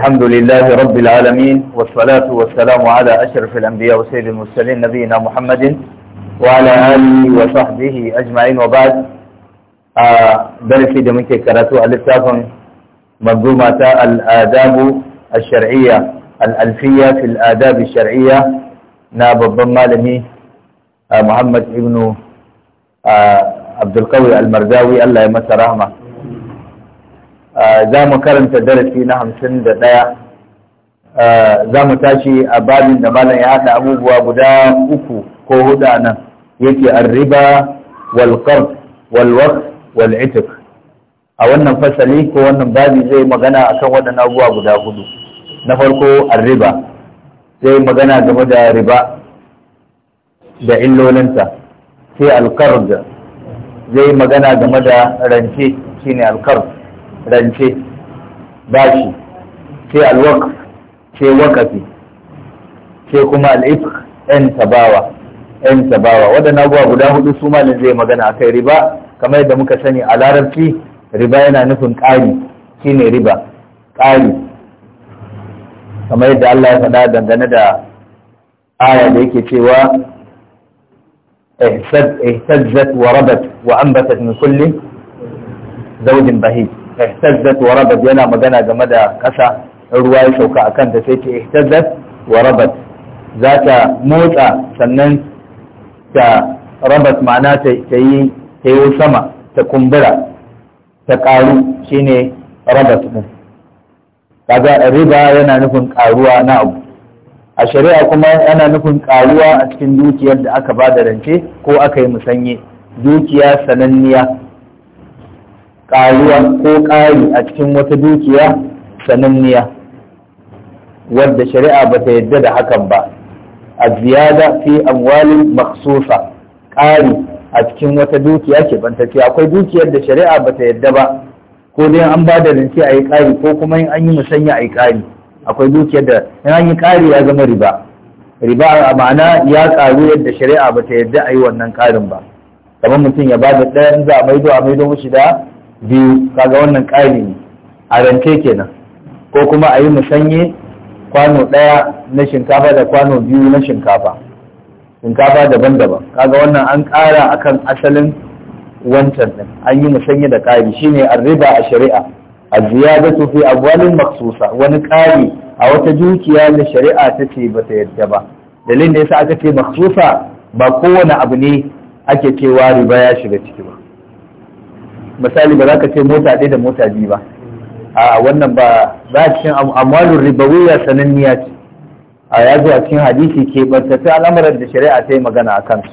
الحمد لله رب العالمين والصلاة والسلام على أشرف الأنبياء وسيد المرسلين نبينا محمد وعلى آله وصحبه أجمعين وبعد بل في دمك كراتو ألفتاف منظومة الآداب الشرعية الألفية في الآداب الشرعية ناب الضم مالمي آه، محمد ابن آه، عبد القوي المرداوي الله يمس رحمه za mu karanta darasi na hamsin da ɗaya za mu tashi a babin da malam ya haɗa abubuwa guda uku ko hudu nan yake arriba wal qard wal a wannan fasali ko wannan babi zai magana akan waɗannan abubuwa guda hudu na farko arriba zai magana game da riba da illolinta sai alƙar zai magana game da rance shine alqard rance bashi sai alwakf sai wakafi sai kuma al'ifk yan tabawa yan tabawa waɗannan abubuwa guda hudu su malin zai magana a kai riba kamar yadda muka sani a larabci riba yana nufin ƙari shine riba ƙari kamar yadda Allah ya faɗa dangane da aya da yake cewa ihtazzat wa rabat wa anbatat min kulli zawjin bahij Eh, ihtazzat wa rabat yana magana game da ƙasa ruwa ya sauka akan ta sai ta ihtazzat wa rabat za ta motsa sannan ta rabat ma'ana ta yi ta yi sama ta kumbura ta ƙaru shine rabat din kaga riba yana nufin ƙaruwa na abu a shari'a kuma yana nufin ƙaruwa a cikin dukiyar da aka bada rance ko aka yi musanye dukiya sananniya ƙaruwa ko ƙari a cikin wata dukiya sananniya wadda shari'a ba ta yadda da hakan ba a ziyada fi amwalin maksusa ƙari a cikin wata dukiya ke bantacce akwai dukiyar da shari'a ba ta yadda ba ko dai an ba da rinci a yi ƙari ko kuma in an yi musanya a yi ƙari akwai dukiyar da in an yi ƙari ya zama riba riba a ma'ana ya ƙaru yadda shari'a ba ta yadda a yi wannan ƙarin ba kamar mutum ya ba da ɗaya in za a maido a maido mashi da biyu kaga wannan ƙari ne a rance kenan ko kuma a yi musanye kwano ɗaya na shinkafa da kwano biyu na shinkafa shinkafa daban-daban kaga wannan an ƙara akan asalin wancan ɗin an yi musanye da ƙari shine arriba a shari'a a ziyadatu fi gwalin maksusa wani ƙari a wata dukiya da shari'a ta ce ba ta yadda ba dalilin da yasa aka ce maksusa ba kowane abu ne ake cewa riba ya shiga ciki ba misali ba za ka ce mota ɗaya da mota biyu ba a wannan ba za a cikin amalin ribawiyya sananniya ce a ya zo a cikin hadisi ke ta al'amuran da shari'a ta yi magana a kansu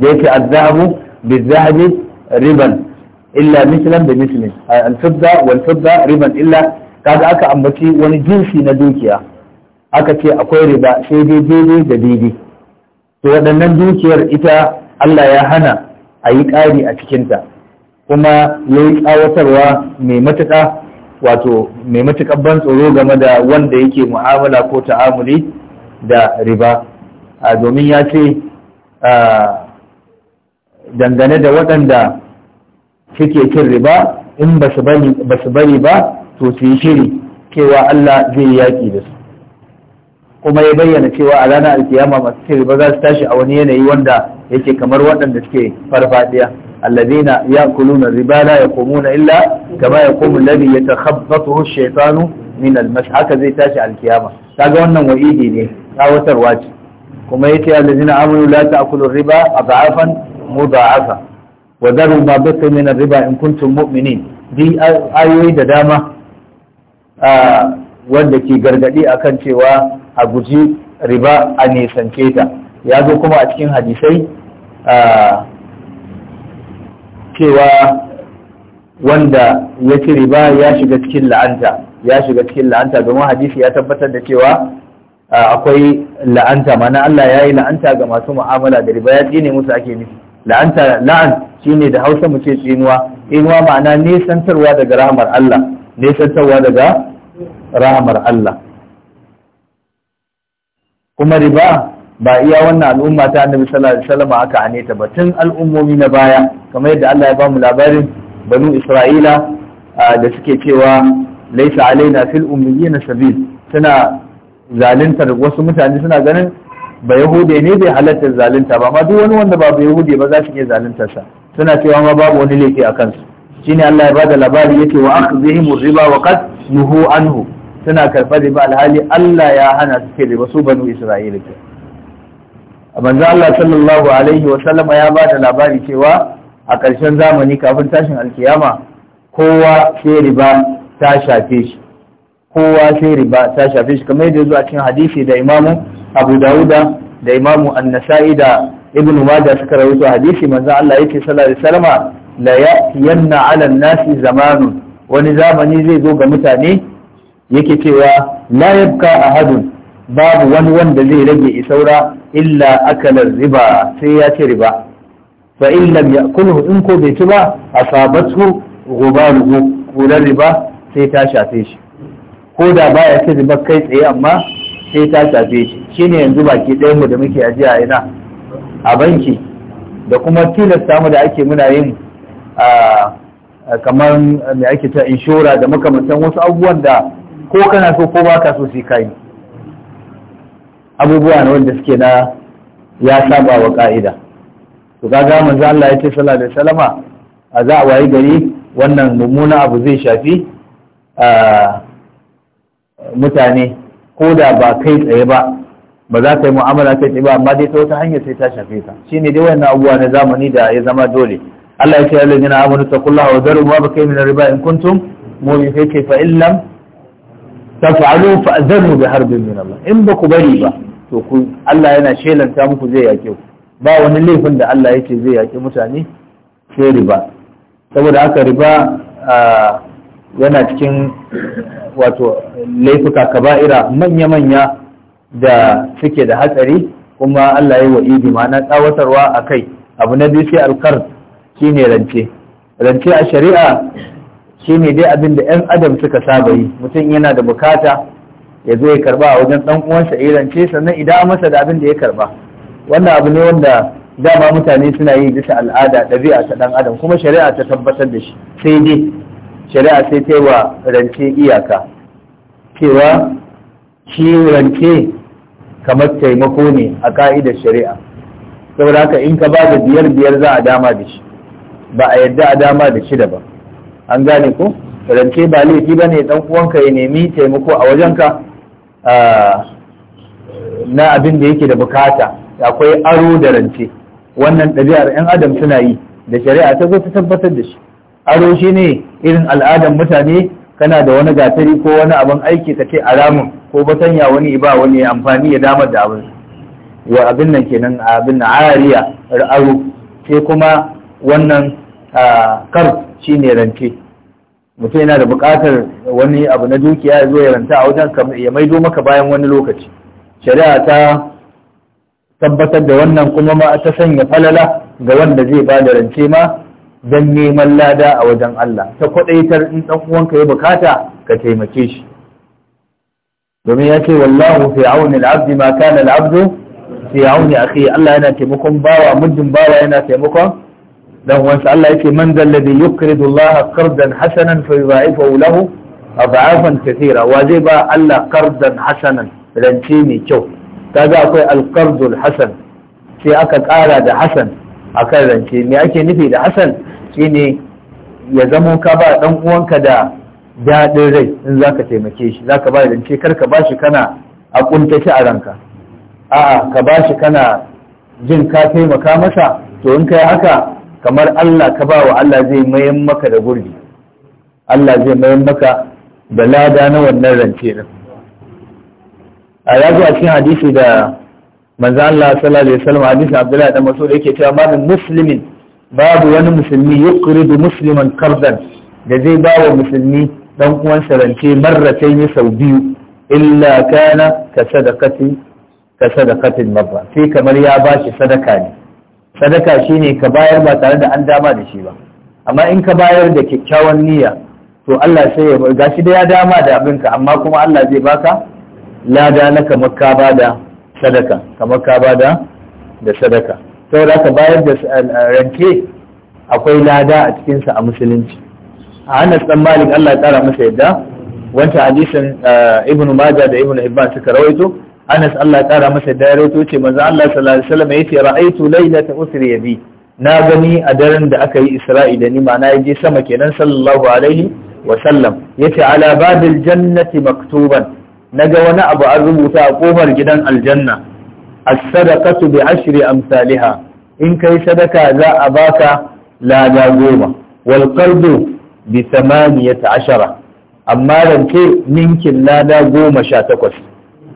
da yake azzahabu bi zahabi riban illa mislan da mislin al-fidda wal fidda riban illa kaga aka ambaci wani jinsi na dukiya aka ce akwai riba sai dai daidai da daidai to waɗannan dukiyar ita Allah ya hana a yi ƙari a cikinta kuma ya yi tsawatarwa mai matuƙa wato mai matuƙar ban tsoro game da wanda yake mu'amala ko ta'amuli da riba a domin ya ce dangane da waɗanda suke cin riba in ba su bari ba to su yi shiri cewa Allah zai yaƙi da su kuma ya bayyana cewa a ranar alkiyama masu sirri ba za su tashi a wani yanayi wanda yake kamar waɗanda suke farfadiya allazina yakuluna riba la yaqumuna illa kama yaqumu alladhi yatakhabbathu ash-shaytanu min al-mash haka zai tashi alkiyama kaga wannan wa'idi ne tsawatarwa ce kuma yace allazina amanu la ta'kulu riba adhafan mudha'afa wa daru ma bata min riba in kuntum mu'minin di ayoyi da dama wanda ke gargadi akan cewa a guji riba a nisance ta ya zo kuma a cikin hadisai cewa wanda ya ci riba ya shiga cikin la'anta ya shiga cikin la'anta domin hadisi ya tabbatar da cewa akwai la'anta mana Allah ya yi la'anta ga masu mu'amala da riba ya tsine musu ake nufi la'anta la'an shine da hausa mu ce tsinuwa tsinuwa ma'ana nesantarwa daga rahamar Allah nesantarwa daga rahamar Allah kuma riba ba iya wannan al'umma ta annabi sallallahu aka aneta ba tun al'ummomi na baya kamar yadda Allah ya ba mu labarin banu Isra'ila da suke cewa laisa alaina fil ummiyina sabil suna zaluntar wasu mutane suna ganin ba yahude ne bai halatta zalunta ba amma duk wani wanda ba ba yahude ba za su iya zaluntar sa suna cewa ma babu wani laifi a kansu shine Allah ya da labari yake wa akhdhihim riba wa qad nuhu anhu suna da ba alhali Allah ya hana su ke riba su banu Isra'ila ke manzo Allah sallallahu alaihi wa sallama ya ba da labari cewa a ƙarshen zamani kafin tashin alkiyama kowa sai riba ta shafe shi kowa sai riba ta shafe shi kamar yadda zuwa cikin hadisi da imamu Abu Dawuda da imamu An-Nasa'i da Ibn Majah suka rawaito hadisi manzo Allah yake sallallahu alaihi wa sallama la ya'tiyanna 'ala nasi zamanun wani zamani zai zo ga mutane yake cewa la yabka ahadun babu wani wanda zai rage isaura illa akala riba sai ya ci riba fa in lam ya'kulu in ko bai ci ba asabatu ghubaluhu kular riba sai ta shafe shi ko da baya ci riba kai tsaye amma sai ta shafe shi shine yanzu baki ɗayan mu da muke ajiya ina a banki da kuma tilasta mu da ake muna yin kamar mai ake ta inshora da makamantan wasu abubuwan da ko kana so ko ba ka so sai kai abubuwa ne wanda suke na ya saba wa ka'ida to kaga manzo Allah ya ce sallallahu alaihi wasallama a za a wayi gari wannan mummuna abu zai shafi mutane ko da ba kai tsaye ba ba za ka yi mu'amala kai tsaye ba amma dai ta wata hanyar sai ta shafe ka shine dai wannan abubuwa na zamani da ya zama dole Allah ya ce ya lajina amanu taqullaha wa zaru ma bakai min riba in kuntum mu'minin sai fa illam taf'alu fa'zanu bi harbin min Allah in ba ku bari ba to ku Allah yana shelanta muku zai yake ku ba wani laifin da Allah yake zai yake mutane sai riba saboda haka riba yana cikin wato laifuka kaba'ira manya-manya da suke da hatsari kuma Allah ya wa idi ma'ana tsawatarwa a kai abu na biyu sai alkar shine rance rance a shari'a Shi ne dai abin da 'yan adam suka saba yi mutum yana da bukata ya zo ya karba a wajen ɗan uwansa irance sannan idan masa da abin da ya karɓa. wannan abu ne wanda dama mutane suna yi bisa al'ada ɗabi'a ta ɗan adam kuma shari'a ta tabbatar da shi sai dai shari'a sai ta wa rance iyaka cewa shi rance kamar taimako ne a ka'idar shari'a saboda haka in ka ba da biyar biyar za a dama da shi ba a yadda a dama da shida ba an gane ko rance ba laifi ba ne dan uwanka ya nemi taimako a wajenka na abin da yake da bukata akwai aro da rance wannan ɗabi'ar 'yan adam suna yi da shari'a ta zo ta tabbatar da shi aro shi ne irin al'adar mutane kana da wani gatari ko wani abin aiki ka ce a ramin ko batanya wani ba wani amfani ya damar da abin ya abin nan kenan abin na ariya aro sai kuma wannan kar shi ne rance mutum yana da buƙatar wani abu na dukiya ya zo ya ranta a wajen ya maido maka bayan wani lokaci shari'a ta tabbatar da wannan kuma ma ta sanya falala ga wanda zai ba da rance ma don neman lada a wajen Allah ta kwaɗaitar in ɗan uwanka ya bukata ka taimake shi domin ya ce wallahu fi auni al-abdi ma kana al fi auni akhi Allah yana taimakon bawa muddin bawa yana taimakon dan wasu Allah yake man zalladi yuqridu Allah qardan hasanan fa yudha'ifahu lahu adha'afan kathira wa zai ba Allah qardan hasanan rance mai kyau kaga akwai alqardul hasan sai aka kara da hasan akan rance me ake nufi da hasan shine ya zamo ka ba dan uwanka da daɗin rai in zaka taimake shi zaka ba rance kar ka bashi kana a kuntace a ranka a'a ka bashi kana jin ka taimaka masa to in kai haka kamar Allah ka ba wa Allah zai mayan maka da gurbi Allah zai mayan maka da lada na wannan rance din a ya zo a cikin hadisi da manzo Allah sallallahu alaihi wasallam hadisi Abdullahi dan Mas'ud yake cewa babu muslimin babu wani musulmi yuqridu musliman qardan da zai ba wa musulmi dan uwansa rance marratai ne sau biyu illa kana ka sadaqati ka sadaqatin marra sai kamar ya ba shi sadaka ne sadaka shine ka bayar ba tare da an dama da shi ba amma in ka bayar da kyakkyawan niyya to Allah sai ya Ga shi da ya dama da abinka amma kuma Allah zai baka lada na kamar ka bada sadaka kamar ka bada da sadaka da ka bayar da eh, ranke akwai lada a cikinsa a musulunci a Anas dan Malik Allah ya kara masa yadda wancan hadisin eh, Ibn Majah da Ibn Hibban suka rawaito Anas Allah kara masa darato ce manzo Allah sallallahu alaihi wasallam yace ra'aitu lailata usri bi na gani a daren da aka yi israila da ni ma'ana je sama kenan sallallahu alaihi wa sallam yace ala babil jannati maktuban naga wani abu an rubuta a kofar gidan aljanna as-sadaqatu bi ashri amsalha in kai sadaka za a baka lada goma wal qalbu bi 18 amma rance ninkin lada goma sha takwas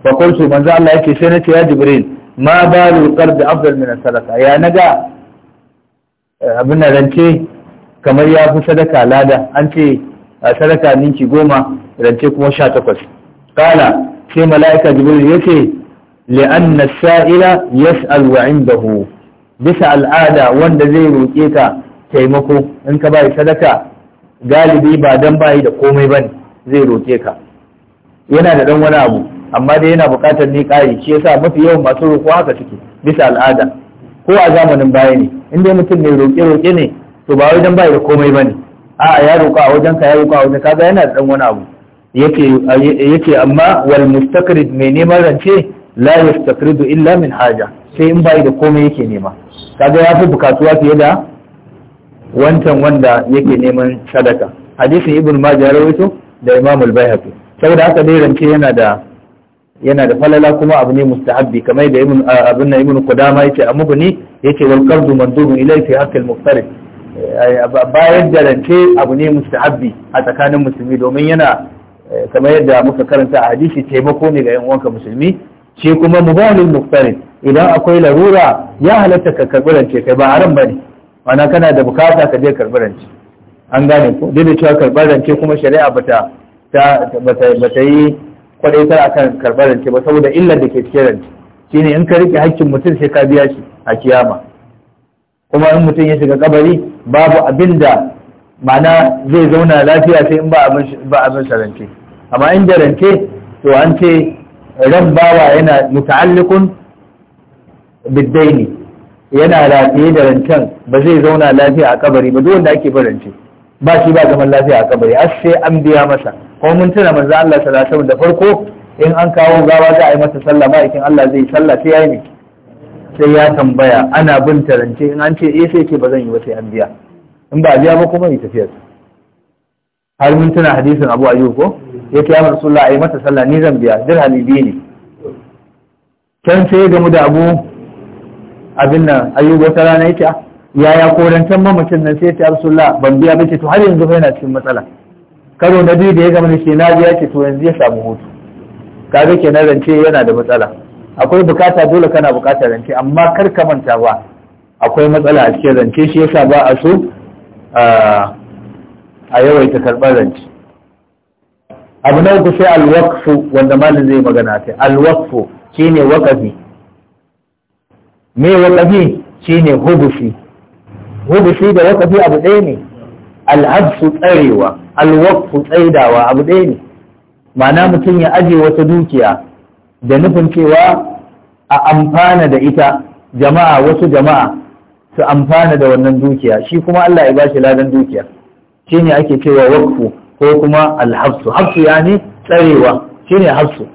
fa qultu manzo Allah yake sai ce ya jibril ma balu qalbi afdal min salaka ya naga abin nan rance kamar ya fi sadaka lada an ce sadaka ninki goma rance kuma sha takwas kala sai mala'ika jibril ya ce li'anna sa'ila yas'al wa indahu bisa al'ada wanda zai roƙe ka taimako in ka bai sadaka galibi ba dan bai da komai bane zai roke ka yana da dan wani abu amma dai yana buƙatar ni ƙari shi yasa mafi yawan masu roƙo haka suke bisa al'ada ko a zamanin baya ne in dai mutum mai roƙe roƙe ne to ba wajen bai da komai bane a'a ya roƙa a wajen ka ya roƙa a wajen ka yana da dan wani abu yake yake amma wal mustaqrid mai neman rance la yastaqridu illa min haja sai in bai da komai yake nema kaga ya fi bukatuwa fiye da wancan wanda yake neman sadaka hadisin ibn majah rawaito da imam al-baihaqi saboda haka dai rance yana da yana da falala kuma abu ne mustahabbi kamar da ibn abin nan ibn kudama yace amubni yace wal qardu mandubun ilayhi fi haqq al muqtarid eh, bayar da rance abu ne mustahabbi a tsakanin musulmi domin yana eh, kamar yadda muka karanta a hadisi taimako ne ga yan uwanka musulmi ce kuma mubalin muqtarid idan akwai larura ya halatta ka karbi rance kai ba haram bane ma'ana kana da bukata ka je karbi rance an gane ko duk da cewa karbar rance kuma shari'a bata bata yi kwadaitar akan karɓar rance ba saboda illar da ke cikin rance ne in ka rike hakkin mutum sai ka biya shi a kiyama kuma in mutum ya shiga kabari babu abin da ma'ana zai zauna lafiya sai in ba abin sa rance amma in da rance to an ce ran bawa yana muta'allikun biddaini yana rafiye da rancen ba zai zauna lafiya a kabari ba duk wanda ake barance ba shi ba zaman lafiya a kabari as sai an biya masa ko mun tuna manzo Allah sallallahu alaihi wasallam da farko in an kawo gawa za a yi masa sallah ma ikin Allah zai sallah sai yayi ne sai ya tambaya ana bin tarance in an ce eh sai ce ba zan yi ba sai an biya in ba biya ba kuma yi tafiyar har mun tuna hadisin Abu Ayyub ko yake ya Rasulullah ayi masa sallah ni zan biya dirhami biyu ne can sai ya gamu da Abu abin nan Ayyub wata rana yake ah, yaya korantan mamacin nan sai ya ce Rasulullah ban biya ba ce to har yanzu fa yana cikin matsala karo na biyu da ya gama da shi na biya ce to yanzu ya samu hutu kaga na rance yana da matsala akwai bukata dole kana bukatar rance amma kar ka manta ba akwai matsala a cikin rance shi yasa ba a so a yawaita karɓar rance abu na uku sai alwakfu wanda malin zai magana ta alwakfu shine wakafi me wakafi shine hubusi hubusi da wakafi abu ɗaya ne alhabsu tsarewa alwaqfu tsaidawa abu ɗaya ne ma'ana mutum ya aje wata dukiya da nufin cewa a amfana da ita jama'a wasu jama'a su amfana da wannan dukiya shi kuma Allah ya shi ladan dukiya shi ne ake cewa waqfu ko kuma alhafsu hafsu ni tsarewa shi ne hafsu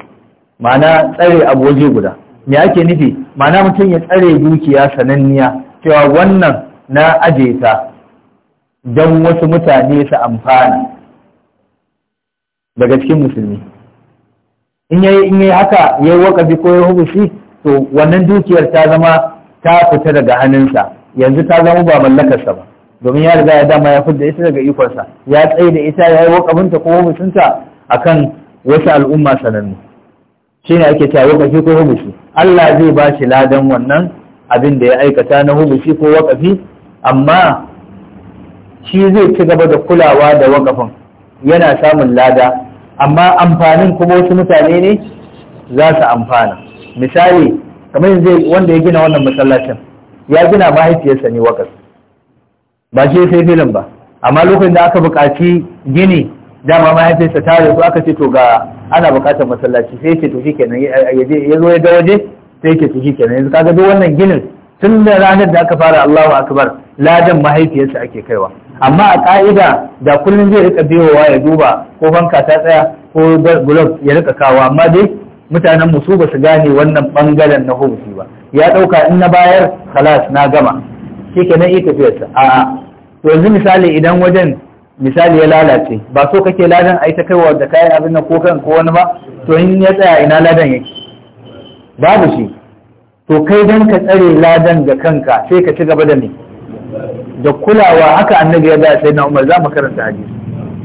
ma'ana tsare abu waje guda me ake nufi ma'ana mutum ya tsare dukiya sananniya cewa wannan na aje ta don wasu mutane su amfana daga cikin musulmi in yayi in yayi haka yayi wakafi ko ya hubusi to wannan dukiyar ta zama ta fita daga hannunsa yanzu ta zama ba mallakarsa ba domin ya riga ya dama ya fidda ita daga ikonsa ya tsaye da ita ya yi waƙafinta ko hubusinta kan wasu al'umma sanannu shi ne ake cewa waƙafi ko hubusi Allah zai ba shi ladan wannan abin da ya aikata na hubusi ko wakafi amma shi zai ci gaba da kulawa da wakafin yana samun lada amma amfanin kuma wasu mutane ne za su amfana misali kamar yanzu wanda ya gina wannan masallacin ya gina mahaifiyarsa ne wakas ba shi sai filin ba amma lokacin da aka buƙaci gini dama mahaifiyarsa ta rasu aka ce to ga ana buƙatar masallaci sai ce to shikenan ya zo ya waje sai ce to shikenan yanzu kaga duk wannan ginin tun da ranar da aka fara Allahu akbar ladan mahaifiyarsa ake kaiwa amma a ƙa'ida da kullum zai rika biyowa ya duba ko fanka ta tsaya ko gulob ya rika kawo amma dai mutanen su ba su gane wannan bangaren na hukunci ba ya dauka in na bayar khalas na gama shikenan yi tafiyarsa a'a to yanzu misali idan wajen misali ya lalace ba so kake ladan a ita kaiwa da kayan abin nan ko kan ko wani ba to in ya tsaya ina ladan yake babu shi to kai dan ka tsare ladan da kanka sai ka ci gaba da ni da kulawa haka annabi ya ga sai na umar za mu karanta hadisi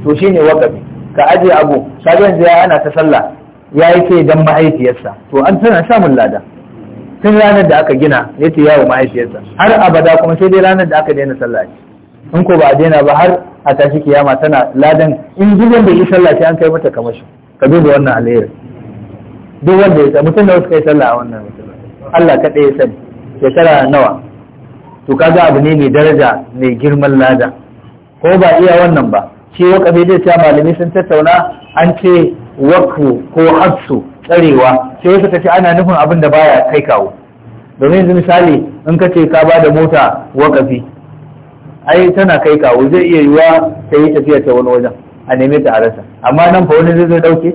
to shine wakafi ka aje abu sabon ya ana ta sallah ya yi ce dan mahaifiyarsa to an tana samun lada tun ranar da aka gina ya ce yawo mahaifiyarsa har abada kuma sai dai ranar da aka daina sallah in ko ba a daina ba har a tashi kiyama tana ladan in gidan da yi sallah sai an kai mata kamar shi ka duba wannan alheri duk wanda ya mutum da wasu kai sallah a wannan Allah kaɗai ya sani shekara nawa to kaga abu ne mai daraja mai girman lada ko ba iya wannan ba shi wakafi zai cewa malami sun tattauna an ce wakfu ko hafsu tsarewa sai wasu ta ce ana nufin abin da baya kai kawo domin yanzu misali in ka ce ka ba da mota wakafi ai tana kai kawo zai iya yiwa ta yi tafiya ta wani wajen a neme ta a rasa amma nan fa wani zai zai dauke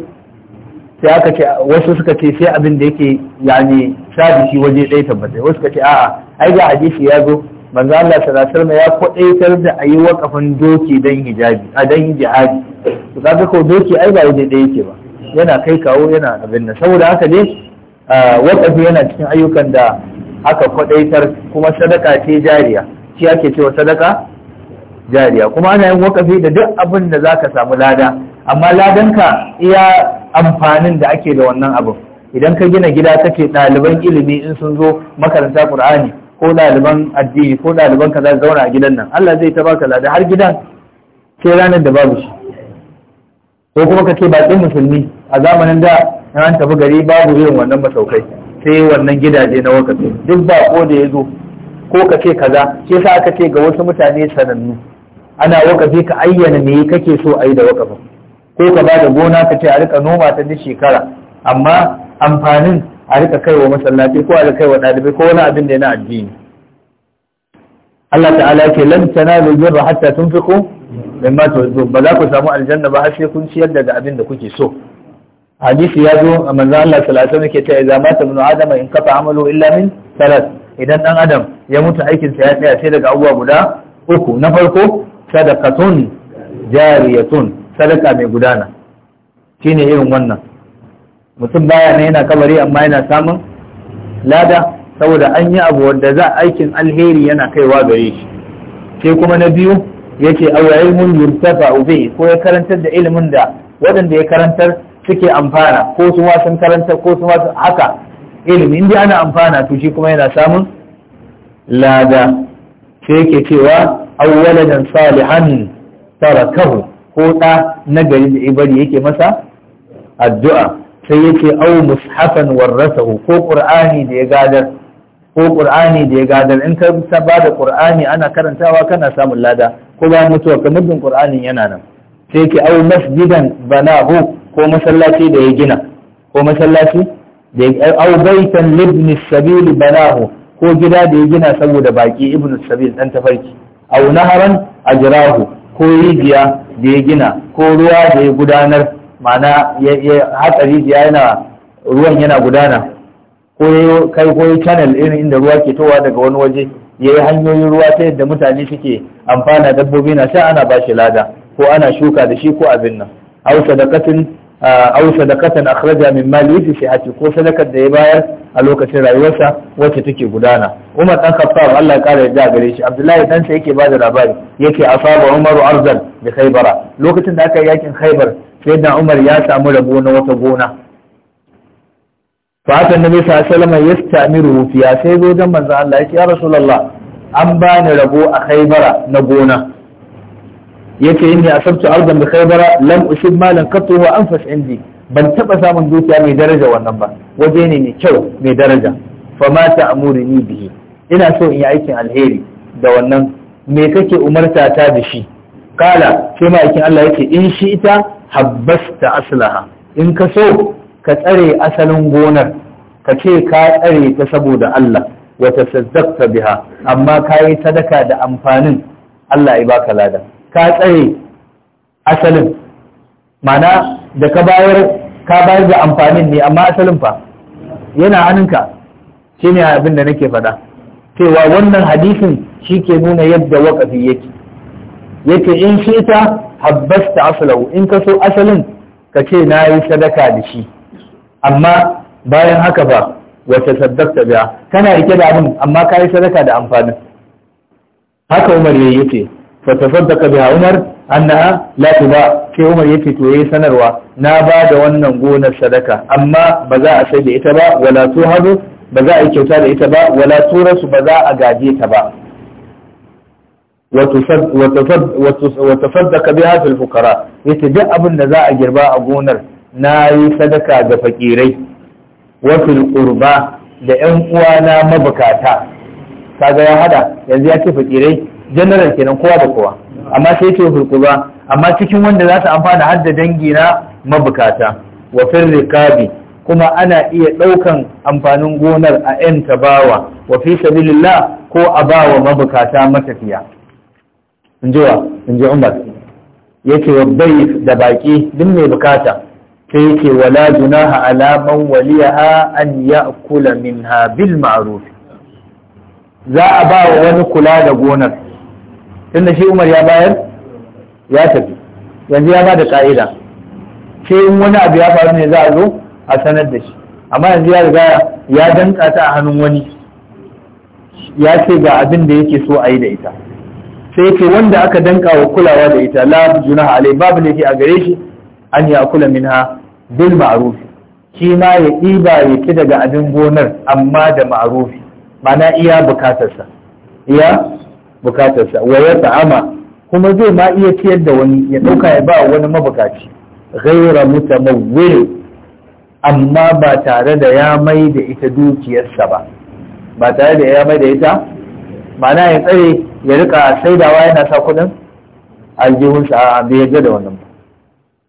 sai aka ce wasu suka ce sai abin da yake yani sa da shi waje ɗaya tabbatai wasu ce a'a ai ga hadisi ya zo manzo Allah sallallahu alaihi ya kwadaitar da ayi wakafin doki dan hijabi a dan jihadi to kaga ko doki ai ba waje ɗaya yake ba yana kai kawo yana abin nan saboda haka ne wakafi yana cikin ayyukan da aka kwadaitar kuma sadaka ce jariya shi ake cewa sadaka jariya kuma ana yin wakafi da duk abin da zaka samu lada amma ladanka iya amfanin da ake da wannan abin idan ka gina gida kake ɗaliban ilimi in sun zo makaranta qur'ani ko ɗaliban addini ko ɗaliban kaza zauna a gidan nan Allah zai ta baka lada har gidan sai ranar da babu shi ko kuma ka ce baƙin musulmi a zamanin da na an tafi gari babu irin wannan masaukai sai wannan gidaje na wakati duk ba ko da ya zo ko ka ce kaza shi yasa aka ce ga wasu mutane sanannu ana wakafi ka ayyana me kake so a yi da wakafin ko ka ba da gona ka ce a rika noma ta duk shekara amma amfanin a rika kai wa masallaci ko a rika wa ɗalibai ko wani abin da yana addini Allah ta'ala yake lan tanalu birra hatta tunfiqu mimma tuhibbun ba za ku samu aljanna ba har sai kun ciyar daga abin da kuke so hadisi ya zo a manzo Allah sallallahu alaihi wasallam yake ta idza mata ibnu adama in kafa amalu illa min salat idan dan adam ya mutu aikin sa ya tsaya sai daga abubuwa guda uku na farko sadaqatun jariyatun sadaka mai gudana shine irin wannan mutum baya ne yana kabari amma yana samun lada saboda an yi abu wanda za aikin alheri yana kaiwa gare shi sai kuma na biyu yace aw ilmun yurtafa ube ko ya karantar da ilimin da waɗanda ya karantar suke amfana ko su ma sun ko su ma haka ilimi inda ana amfana to shi kuma yana samun lada sai yake cewa aw waladan salihan tarakahu ko na nagari da ibari yake masa addu'a sai yake au mushafan warrasahu ko qur'ani da ya gadar ko qur'ani da ya gadar in ka ba da qur'ani ana karantawa kana samun lada ko ba mutuwa ka muddin qur'ani yana nan sai yake au masjidan banahu ko masallaci da ya gina ko masallaci da ya baitan libni sabil banahu ko gida da ya gina saboda baki ibnu sabil dan tafarki au naharan ajrahu ko rijiya da ya gina ko ruwa da ya gudanar ma'ana ya hatsari ya yana ruwan yana gudana ko kai ko channel irin inda ruwa ke towa daga wani waje ya yi hanyoyin ruwa ta yadda mutane suke amfana dabbobi na sha ana ba shi lada ko ana shuka da shi ko abin nan hausa da katin. aw sadaqatan akhraja min malihi fi sihhati ko sadakar da ya bayar a lokacin rayuwarsa wacce take gudana Umar dan Khattab Allah ya kare da gare shi Abdullahi dan sa yake bada labari yake asaba Umar arzan da Khaybar lokacin da aka yakin Khaybar sai da Umar ya samu rabo na wata gona fa annabi sallallahu alaihi wasallam yastamiru fiya sai zo dan manzo Allah ya ce ya Rasulullah an bani rabo a Khaybar na gona yace a asabtu ardan da khaybara lam ushib malan qattu wa anfas indi ban taba samun dukiya mai daraja wannan ba waje ne mai kyau mai daraja fa ma ta'muruni bihi ina so in yi aikin alheri da wannan me kake umarta ta da shi kala sai aikin Allah yake in shi ita habbasta aslaha in ka so ka tsare asalin gonar ka ce ka tsare ta saboda Allah wata saddaqta biha amma ka yi sadaka da amfanin Allah ya baka lada ka tsare asalin mana da ka bayar ka bayar da amfanin ne amma asalin fa yana hannunka ne abin da nake faɗa cewa wannan hadisin shi ke nuna yadda waƙafi yake yake in shi habbas habbasta asalau in ka so asalin ka ce na yi sadaka da shi amma bayan haka ba wata saddakta biya kana rike da abin amma ka yi sadaka da amfanin haka umar yayi yace فتصدق بها عمر أنها لا تباع sai Umar yake to yayi sanarwa na ba da wannan gonar sadaka amma ba za a sai da ita ba wala tuhadu ba za a yi kyauta da ita ba wala turasu ba za a gaje ta ba wa tasaddaka biha fil fuqara yace duk abin da za a girba a gonar na yi sadaka da fakirai wa fil da yan uwana mabukata kaga ya haɗa. yanzu ya ce fakirai general kenan kowa da kowa amma sai ce hurkuba amma cikin wanda za su amfana har da dangi na mabukata wa firrikabi kuma ana iya ɗaukan amfanin gonar a 'yan tabawa wa fi sabilillah ko a bawa mabukata matafiya in ji umar yake wa da baki duk mai bukata sai yake wala junaha ala man waliyaha an ya'kula minha bil ma'ruf za a ba wa wani kula da gonar tunda shi umar ya bayar ya tafi yanzu ya bada da ka'ida sai in wani abu ya faru ne za a zo a sanar da shi amma yanzu ya riga ya danka ta a hannun wani ya ce ga abin da yake so a yi da ita sai yake wanda aka danka wa kulawa da ita la juna alai babu laifi a gare shi an ya kula min ha bil ma'ruf shi ma ya ɗiba ya ci daga abin gonar amma da ma'arufi mana iya bukatarsa iya bukatarsa wa ya ta'ama kuma zai ma iya ciyar da wani ya ɗauka ya ba wani mabukaci ghaira mutamawwil amma ba tare da ya mai da ita dukiyarsa ba ba tare da ya mai da ita ma'ana ya tsare ya rika saidawa yana sa kuɗin sa a bai yarda da wannan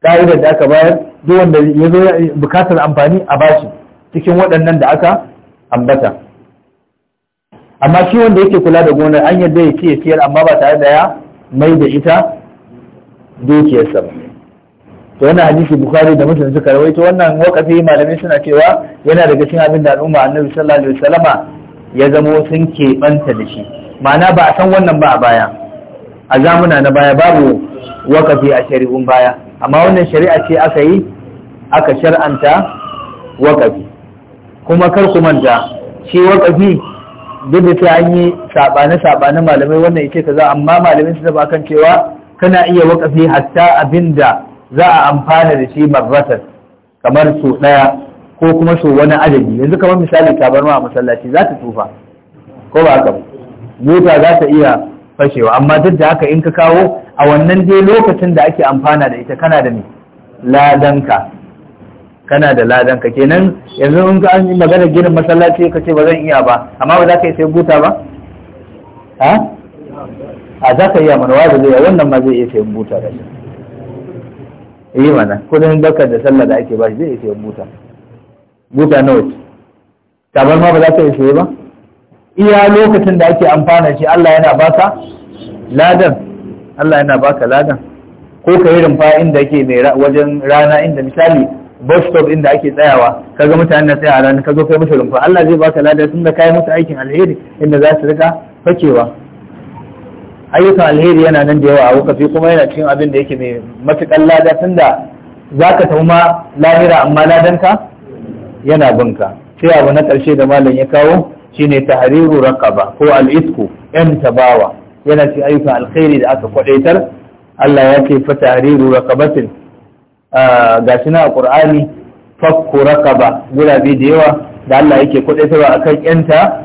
ka'idar da aka bayar duk wanda ya zo bukatar amfani a bashi cikin waɗannan da aka ambata amma shi wanda yake kula da gonar an yadda ya ce siyar amma ba tare da ya mai da ita dukiyarsa ba to yana hadisi bukhari da mutum suka rawaito wannan wakafi malamai suna cewa yana daga cikin abin da al'umma annabi sallallahu alaihi wasallama ya zamo sun keɓanta da shi ma'ana ba a san wannan ba a baya a zamuna na baya babu wakafi a shari'un baya amma wannan shari'a ce aka yi aka shar'anta wakafi kuma kar ku manta shi wakafi duk da ta an yi saɓane sabane malamai wannan ita za, amma malamin su zaba kan cewa kana iya wakafi hatta abin da za a amfana da shi marratar kamar su ɗaya ko kuma su wani adadi yanzu kamar misali tabarma a masallaci za ta tufa ko ba ka mota za ta iya fashewa amma duk da haka in ka kawo a wannan dai lokacin da ake amfana da ita kana da ladanka kana da ladan ka kenan yanzu in ka an yi magana ginin masallaci ka ce ba zan iya ba amma ba za ka yi sai buta ba ha a za ka iya mana wa zai wannan ma zai iya sai buta da shi yi mana kudin barkar da sallah da ake ba shi zai iya sai buta buta nawa ce tabar ma ba za ka iya sai ba iya lokacin da ake amfana shi Allah yana baka ladan Allah yana baka ladan ko ka yi rumfa inda yake mai wajen rana inda misali bus stop inda ake tsayawa kaga mutane na tsaya a ranar ka zo kai musu rumfa Allah zai baka lada tun da kai musu aikin alheri inda za su rika fakewa ayyukan alheri yana nan da yawa a wukafi kuma yana cikin abin da yake mai matukan lada tun da za ka tafi ma lahira amma ladanka yana binka sai abu na ƙarshe da malam ya kawo shine tahriru raqaba ko al-isku yan tabawa yana ci ayyukan alkhairi da aka kwadaitar Allah ya ce fa tahriru raqabatin gashi na ƙur'ani, fakku rakaba gurabe da yawa da Allah yake a kan yanta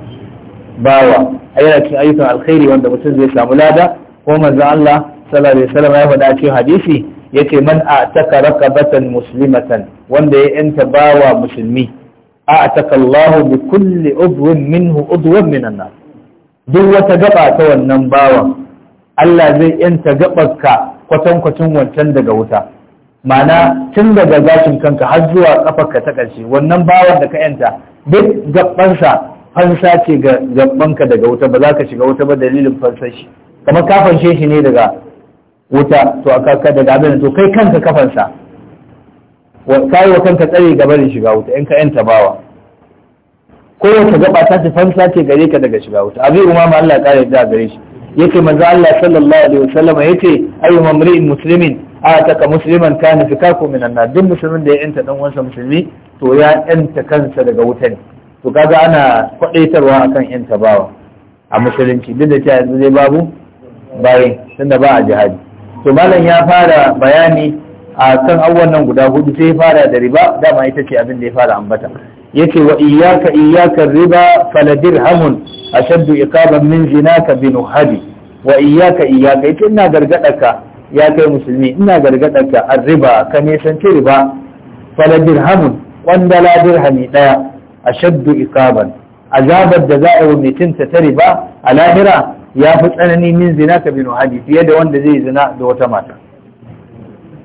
bawa a yana cikin ayyukan alkhairi wanda mutum zai samu lada ko manzo Allah sallallahu alaihi wasallam ya faɗa cikin hadisi yace man ataka rakabatan muslimatan wanda ya yanta bawa musulmi ataka Allah bi kulli udwin minhu udwan min annar duk wata gaba ta wannan bawan Allah zai yanta gabarka kwatankwacin wancan daga wuta ma'ana tun daga gashin kanka har zuwa kafarka ta ƙarshe wannan bawan da ka yanta duk gabbansa fansa ce ga gabbanka daga wuta ba za ka shiga wuta ba dalilin fansa shi kamar ka fanshe shi ne daga wuta to a kaka daga abin to kai kanka kafansa yi wa kanka tsare gaba da shiga wuta in ka yanta bawa wata gaba ta ce fansa ce gare ka daga shiga wuta abi ma Allah ya kare da gare shi yake manzo Allah sallallahu alaihi wasallam yace ayyuhal mamri'in muslimin ataka musliman kana fikaku minan nar duk musulmin da ya yanta dan wansa musulmi to ya yanta kansa daga wuta ne to kaga ana kwadaitarwa akan yanta bawa a musulunci duk da cewa yanzu dai babu bayan, tunda ba a jihadi to malam ya fara bayani a kan nan guda hudu sai fara da riba dama ita ce abin da ya fara ambata yace wa iyyaka iyyaka riba fala Hamun ashaddu iqaban min zinaka binuhadi wa iyyaka iyyaka ita ina gargadaka ya kai musulmi ina gargadar ka arriba ka nisanci riba fala dirhamun kwandala dirhami a ashaddu ikaban azabar da za a yi mutum ta ta riba a lahira ya fi tsanani min zina ka bin wahadi fiye da wanda zai zina da wata mata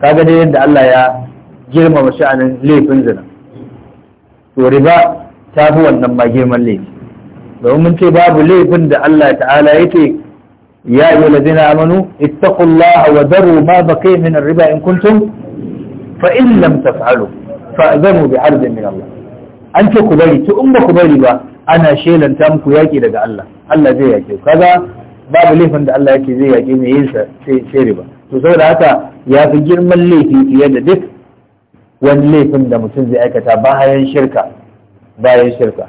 kaga dai yadda Allah ya girmama sha'anin laifin zina to riba ta fi wannan ma girman laifi domin mun ce babu laifin da Allah ta'ala yake يا أيها الذين آمنوا اتقوا الله وذروا ما بقي من الربا إن كنتم فإن لم تفعلوا فأذنوا بحرب من الله أنت كبالي تؤمن كبالي با أنا لن تامك ياكي لك الله الله زي ياكي كذا باب ليفن الله ياكي زي ياكي من ينسى شيء ربا تصور هذا يا في جرم اللي في يد دك وان ليه دا متنزي أكتا باها ينشركا باها ينشركا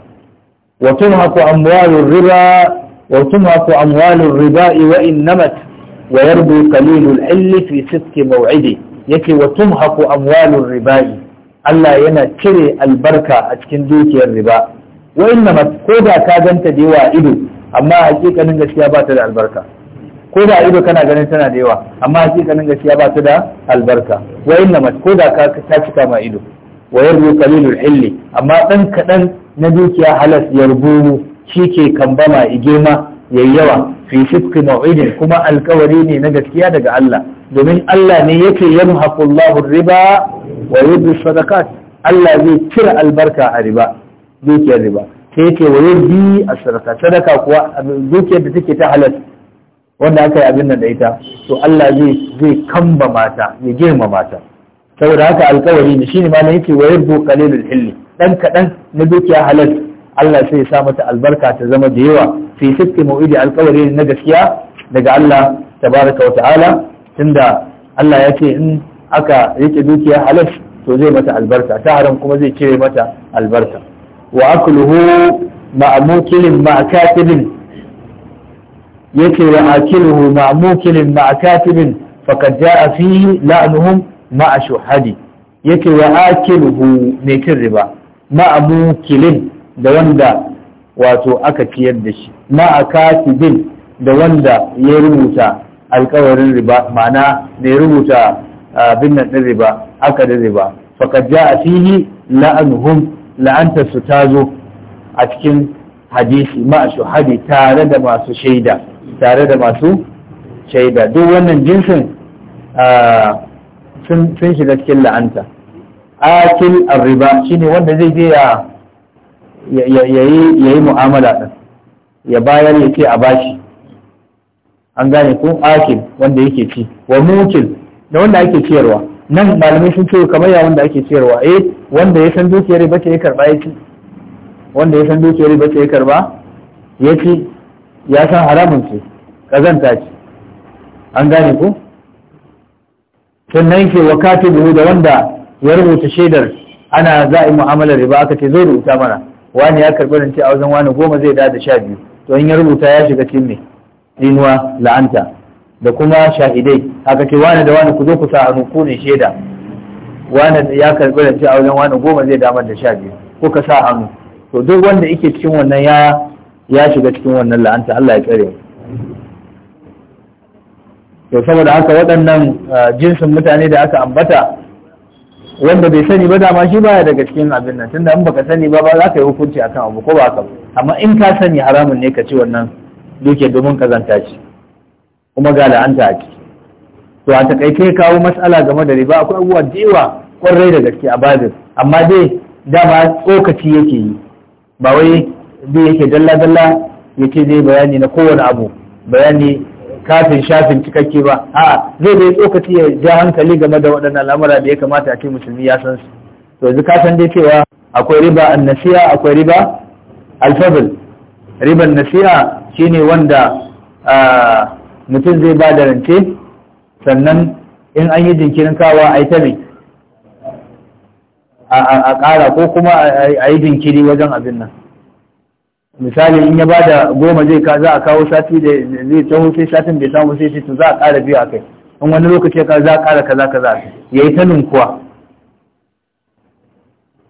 وتنهك أموال الربا وتمهق أموال الرباء وإن نمت ويربو قليل العل في صدق موعده yake wa tumhaqu amwalur ribai Allah yana cire albarka a cikin dukiyar riba wa inna ko ganta da yawa ido amma hakikanin gaskiya ba da albarka ko da ido kana ganin tana da yawa amma hakikanin gaskiya ba da albarka wa inna ko ka ta cika ma ido wa amma dan kadan na dukiya halas shi ke kambama i girma yayi yawa fi shifki mau'idin kuma alkawari ne na gaskiya daga Allah domin Allah ne yake yamhaqullahu riba wa yubdi sadaqat Allah zai cire albarka a riba dukiyar riba sai yake wa a sadaka sadaka kuwa dukiyar da take ta halal wanda aka yi abin nan da ita to Allah zai zai kamba mata ya girma mata saboda haka alkawari ne shine ma ne yake wa yubdu qalilul hilli dan kadan na dukiya halal Allah sai ya sa mata albarka ta zama da yawa fi sitti mau'idi alƙawari na gaskiya daga Allah tabaraka wa ta'ala tunda Allah ya ce in aka rike dukiya halaf to zai mata albarka ta haram kuma zai cire mata albarka wa akluhu ma'amukilin ma'akatibin yake wa akiluhu ma'amukilin ma'akatibin faqad ja'a fihi la'nuhum ma'a yake wa akiluhu mai cin riba ma'amukilin da wanda wato aka ciyar da shi ma'a katibin da wanda ya rubuta alkawarin riba ma'ana ya rubuta ah, abin nan ɗin riba aka da riba fakat ja a fihi la'anuhum la'antar su ta zo a cikin hadisi ma'a shuhadi tare da masu shaida tare da masu shaida duk wannan jinsin ah, sun shiga cikin la'anta akil arriba shine wanda zai je ya ya yi mu'amala ɗin ya bayar ya ce a bashi an gane ko akil wanda yake ci wa mukil da wanda ake ciyarwa nan malamai sun ce kamar ya wanda ake ciyarwa eh wanda ya san dukiyar ba ce ya karba ya ci wanda ya san dukiyar ba ce ya karba ya ci ya san haramun ce kazanta ce an gane ko sannan ke wa katibu da wanda ya rubuta shaidar ana za'i mu'amalar riba aka ce zai rubuta mana wani ya karɓi rance a wajen wani goma zai da da sha biyu to in ya rubuta ya shiga cikin me inuwa la'anta da kuma shahidai haka ce wani da wani ku zo ku sa hannu ku ne shaida wani ya karɓi rance a wajen wani goma zai damar da sha biyu Ko ka sa hannu to duk wanda yake cikin wannan ya ya shiga cikin wannan la'anta Allah ya tsare to saboda haka waɗannan ah, jinsin mutane da aka ambata wanda bai sani ba dama shi baya daga cikin abin nan tunda in baka sani ba ba za ka yi hukunci akan abu ko ba ka amma in ka sani haramun ne ka ci wannan duke domin kazanta ce kuma ga la'anta a ciki to a takaice kawo matsala game da riba akwai abubuwa da yawa kwarai da gaske a babin amma dai dama tsokaci yake yi ba wai bi yake dalla dalla yake dai bayani na kowane abu bayani kafin shafin cikakke ba a zai bai tsokaci ya ja hankali game da waɗannan al'amura da ya kamata a ce musulmi ya san su to yanzu ka san dai cewa akwai riba nasiya akwai riba riba riban nasiya shine wanda mutum zai ba da rance sannan in an yi jinkirin kawa a yi ta mai a ƙara ko kuma a yi jinkiri wajen abin nan misali in ya bada goma zai ka za a kawo sati da zai taho sai satin bai samu sai to za a ƙara biyu a kai in wani lokaci ka za a ƙara kaza kaza ya yi ta ninkuwa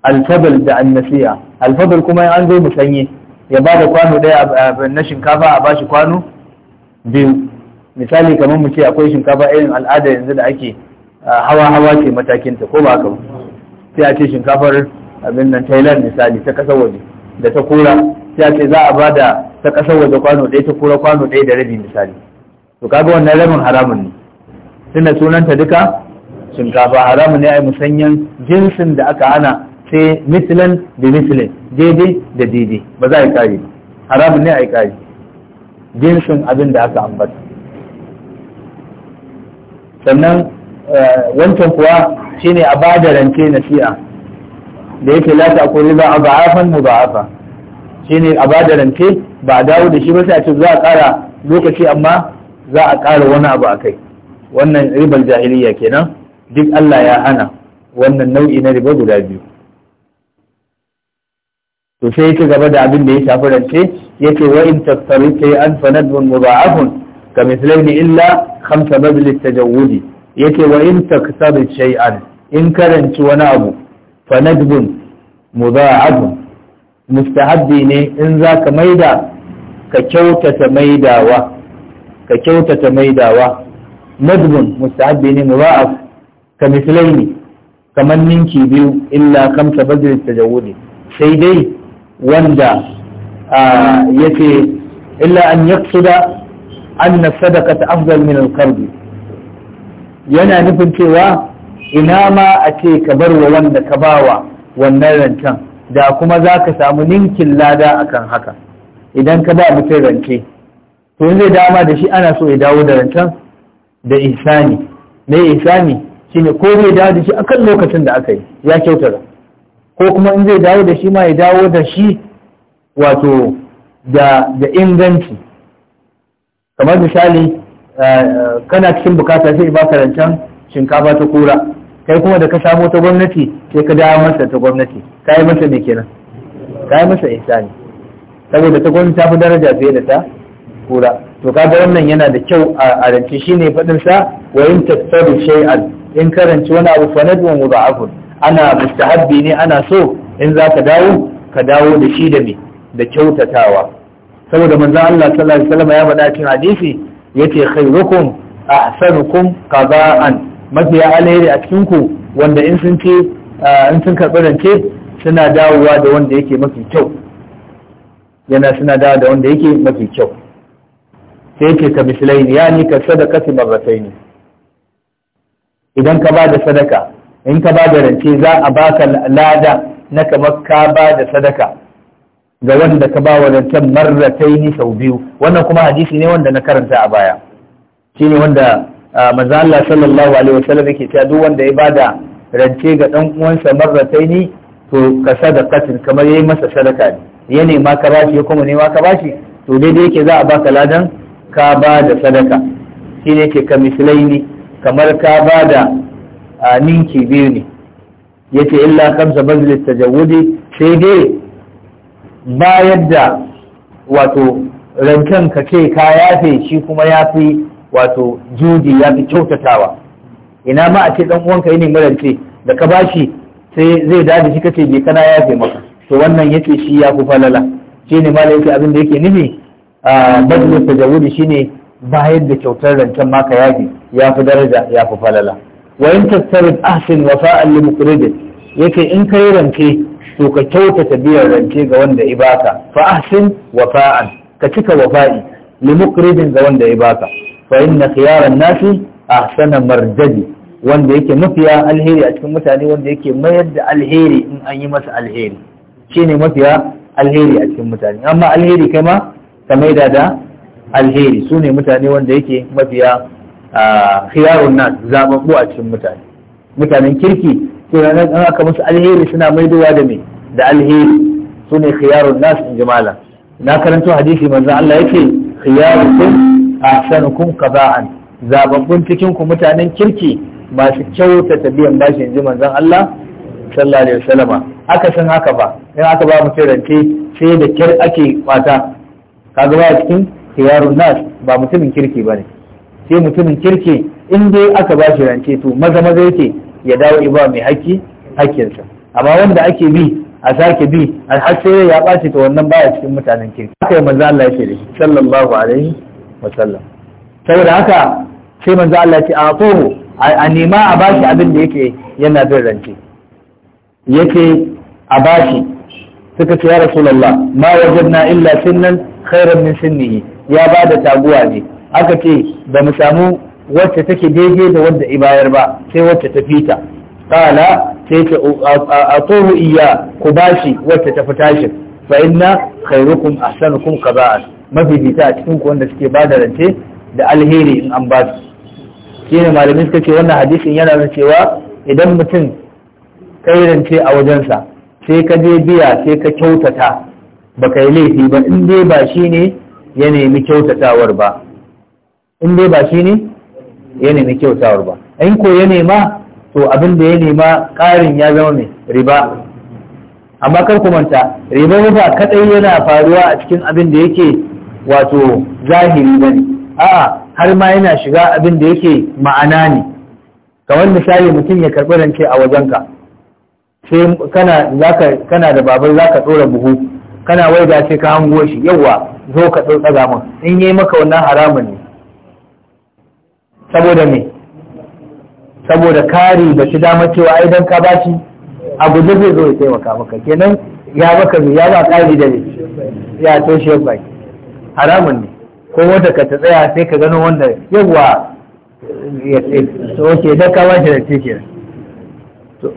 alfabal da annasiya alfabal kuma an zo musanye ya ba da kwano ɗaya na shinkafa a bashi kwano biyu misali kamar mu ce akwai shinkafa irin al'ada yanzu da ake hawa hawa ce matakinta ko ba sai a ce shinkafar abin nan thailand misali ta kasa waje da ta kura sai ce za a bada ta kasar waje kwano ɗaya ta kura kwano ɗaya da rabi misali to kaga wannan rabin haramun ne tunda sunanta duka shinkafa haramun ne ai musanyan jinsin da aka ana sai mislin da mislin, daidai da daidai ba za a yi kari haramun ne a yi kari jinsin abin da aka ambata sannan eh, wancan kuwa shine a bada rance nasi'a da yake la ta riba a ba'afan mu ba'afa shine a bada rance ba a dawo da shi ba sai a ce za a ƙara lokaci amma za a ƙara wani abu a kai wannan ribar jahiliya kenan duk Allah ya hana wannan nau'i na riba guda biyu to sai ya gaba da abin da ya shafi rance ya ce wa in tattari ta yi an fanadun muba'afun ga misalai illa hamsa majalis tajawudi ya ce wa in in karanci wani abu fanadun muba'afun mustahabbi ne in za ka maida ka kyautata maidawa ka kyautata maidawa nadbun mustahabbi ne mura'af ka mislaini kamar ninki biyu illa kam tabadil tajawudi sai dai wanda ce illa an yaqsuda anna sadaqata afdal min al yana nufin cewa ina ma a ce ka bar wa wanda ka bawa wannan rancen da kuma za ka samu ninkin lada akan haka idan ka ba mutum rance to zai dama da shi ana so ya dawo da rancen da ihsani me ihsani shine ko zai dawo da shi akan lokacin da aka yi ya kyautara ko kuma in zai dawo da shi ma ya dawo da shi wato da inganci kamar misali eh, eh, kana cikin bukata sai ba ka rancen shinkafa ta kura kai kuma da ka samo ta gwamnati sai ka dawo masa ta gwamnati ka yi masa mai kenan ka yi masa ihsani saboda ta gwamnati ta fi daraja fiye da ta kura to kaga wannan yana da kyau a rance ne faɗin sa wa in tattabu shay'an in karanci wani abu fanadun mudha'afun ana mustahabbi ne ana so in za ka dawo ka dawo da shi da me da kyautatawa saboda manzon Allah sallallahu alaihi wasallam ya faɗa cikin hadisi yace khairukum ahsanukum qada'an mafiya alheri a cikin ku wanda in sun ce uh, in sun karɓi rance suna dawowa da wanda yake mafi kyau yana suna dawowa da wanda yake mafi kyau sai yake ka misilai ya ni ka sadaka su marrasai ne idan ka ba da sadaka in ka ba da rance za a baka lada na kamar ka ba da sadaka ga wanda ka ba wa rancen marrasai ne sau biyu wannan kuma hadisi ne wanda na karanta a baya shine wanda manzo Allah sallallahu alaihi wasallam yake cewa duk wanda ya bada rance ga dan uwansa ni to ka sadaqatin kamar yayi masa sadaka ne ya nema ka bashi ya kuma nema ka bashi to daidai yake za a baka ladan ka ba da sadaka shine yake ka mislaini kamar ka ba da ninki biyu ne yace illa kamsa bazlit tajawudi sai dai bayar da wato rancen ka ce ka yafe shi kuma ya wato judi ya fi kyautatawa ina ma a ce dan uwanka yini murance da ka bashi sai zai dadi shi kace bai kana ya fi maka to wannan yake shi ya fi falala Shi ne malai yake abin da yake nufi a badlu tajawudi shine bayar da kyautar rancen maka yaji ya fi daraja ya fi falala wa in tastarid ahsin wafa'an li muqrid yake in kai rance to ka kyautata biyan rance ga wanda ya baka fa ahsin wafa'an ka cika wafa'i li muqridin ga wanda ya baka fa inna khiyaran nasi ahsana marjadi wanda yake mafiya alheri a cikin mutane wanda yake mayar da alheri in an yi masa alheri shine mafiya alheri a cikin mutane amma alheri kai ma ka maida da alheri su ne mutane wanda yake mafiya khiyarun nas zababbu a cikin mutane mutanen kirki to nan an aka musu alheri suna maidowa da me da alheri su nas in jimala na karanto hadisi manzon Allah yake khiyarukum ahsanukum qada'an zababbun cikin ku mutanen kirki masu kyautata biyan bashi inji manzon Allah sallallahu alaihi wasallama aka san haka ba in aka ba mutum rance sai da kyar ake kwata kaga ba cikin khiyarun nas ba mutumin kirki bane sai mutumin kirki in dai aka ba shi rance to maza maza yake ya dawo iba mai haƙƙi haƙƙinsa amma wanda ake bi a sake bi har sai ya ɓaci to wannan baya cikin mutanen kirki yi manzo Allah ya ce da shi sallallahu alaihi wasallam saboda haka sai manzo Allah ce a tuhu a nema a bashi abin da yake yana bin rance yake a bashi suka ce ya rasulullah ma wajadna illa sinnan khairan min sinnihi ya bada taguwa ne aka ce ba mu samu wacce take daidai da wanda ibayar ba sai wacce ta fita qala sai ce a tuhu iya ku bashi wacce ta fita shi fa inna khairukum ahsanukum qada'an mafifita a cikin wanda suke ba da rance da alheri in an ba su shi ne malamin suka ce wannan hadisin yana da cewa idan mutum ka yi rance a wajensa sai ka je biya sai ka kyautata ba ka yi laifi ba in dai ba shi ne ya nemi kyautatawar ba in dai ba shi ne ya nemi kyautatawar ba in ko ya nema to abin da ya nema ƙarin ya zama mai riba amma kar ku manta riba ba kadai yana faruwa a cikin abin da yake wato zahiri ba ne a'a har ma yana shiga abin da yake ma'ana ne kamar misali mutum ya karɓi rance a wajenka sai kana zaka kana da babar zaka tsora buhu kana waida sai ka hango shi yawa zo ka tsaga mun in yi maka wannan haramun ne saboda me saboda kari da shi dama cewa ai dan ka bashi a guje zai zo ya taimaka maka kenan ya maka ya ba kari da ne ya to shi baki haramun ne ko wanda ka ta tsaya sai ka gano wanda yawa ya ce da ka bashi da cikin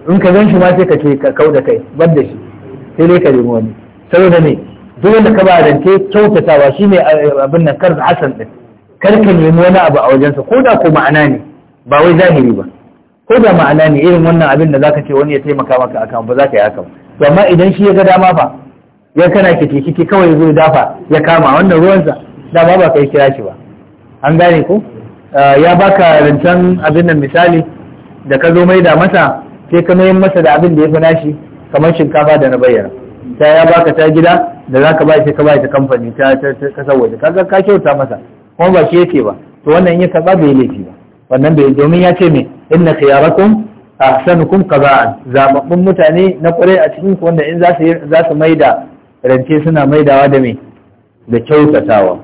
in ka gan shi ma sai ka ce ka kau da kai bar da shi sai dai ka nemi wani saboda ne duk wanda ka ba rance kyautatawa shi ne eh, abin nan kar hasan din kar ka nemi wani abu a wajensa ko da ko ma'ana ne ba wai zahiri ba ko da ma'ana ne irin wannan abin da zaka ce wani ya taimaka maka akan ba za ka yi haka ba amma idan shi ya ga dama fa ya kana kike ki kawai zai dafa ya kama wannan ruwansa dama ba kai kira shi ba an gane ko ah, ya baka rancen abin nan misali da ka zo mai da masa sai ka mai masa da abin da ya fi nashi kamar shinkafa da na bayyana ta ya baka ta gida da za ka ba shi ka ba shi kamfani ta kasar waje kaga ka kyauta masa kuma ba shi yake ba to wannan ya karba bai laifi ba wannan bai domin ya ce me inna khiyarakum ahsanukum qada'an zababbun mutane na kware a cikin wanda in za su za su maida rance suna maidawa da mai da kyautatawa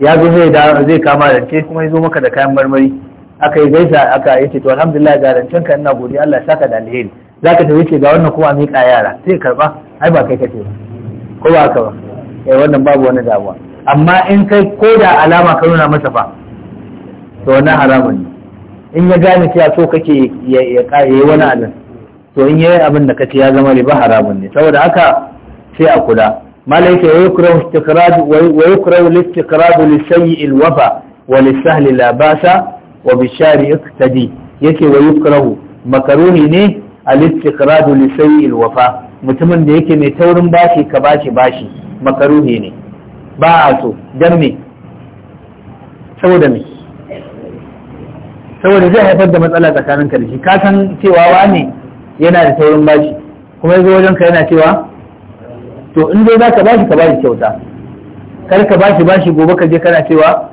ya zo zai kama rance kuma ya zo maka da kayan marmari aka yi gaisa aka yi ce to alhamdulillah ga rancen ka ina godiya Allah ya saka da alheri zaka tafi ce ga wannan kuma miƙa yara sai karba ai ba kai kace ko ba ka ba eh wannan babu wani damuwa amma in kai ko da alama ka nuna masa fa to wannan haramun ne in ya gane cewa so kake ya ya wani abin to in yayi abin da kace ya zama riba haramun ne saboda haka sai a kula malaika ya yukrahu istikradu wa yukrahu al-istikradu li sayyi'il wafa wa li sahli la basa wa bi shari iqtadi yake wa yukrahu makaruhi ne al-istikradu li sayyi'il wafa mutumin da yake mai taurin bashi ka bashi bashi makaruhi ne ba a so dan me saboda me saboda zai haifar da matsala tsakanin ka da shi ka san cewa wane yana da taurin bashi kuma yanzu wajen ka yana cewa to in dai za ka bashi ka bashi kyauta kar ka bashi bashi gobe ka je kana cewa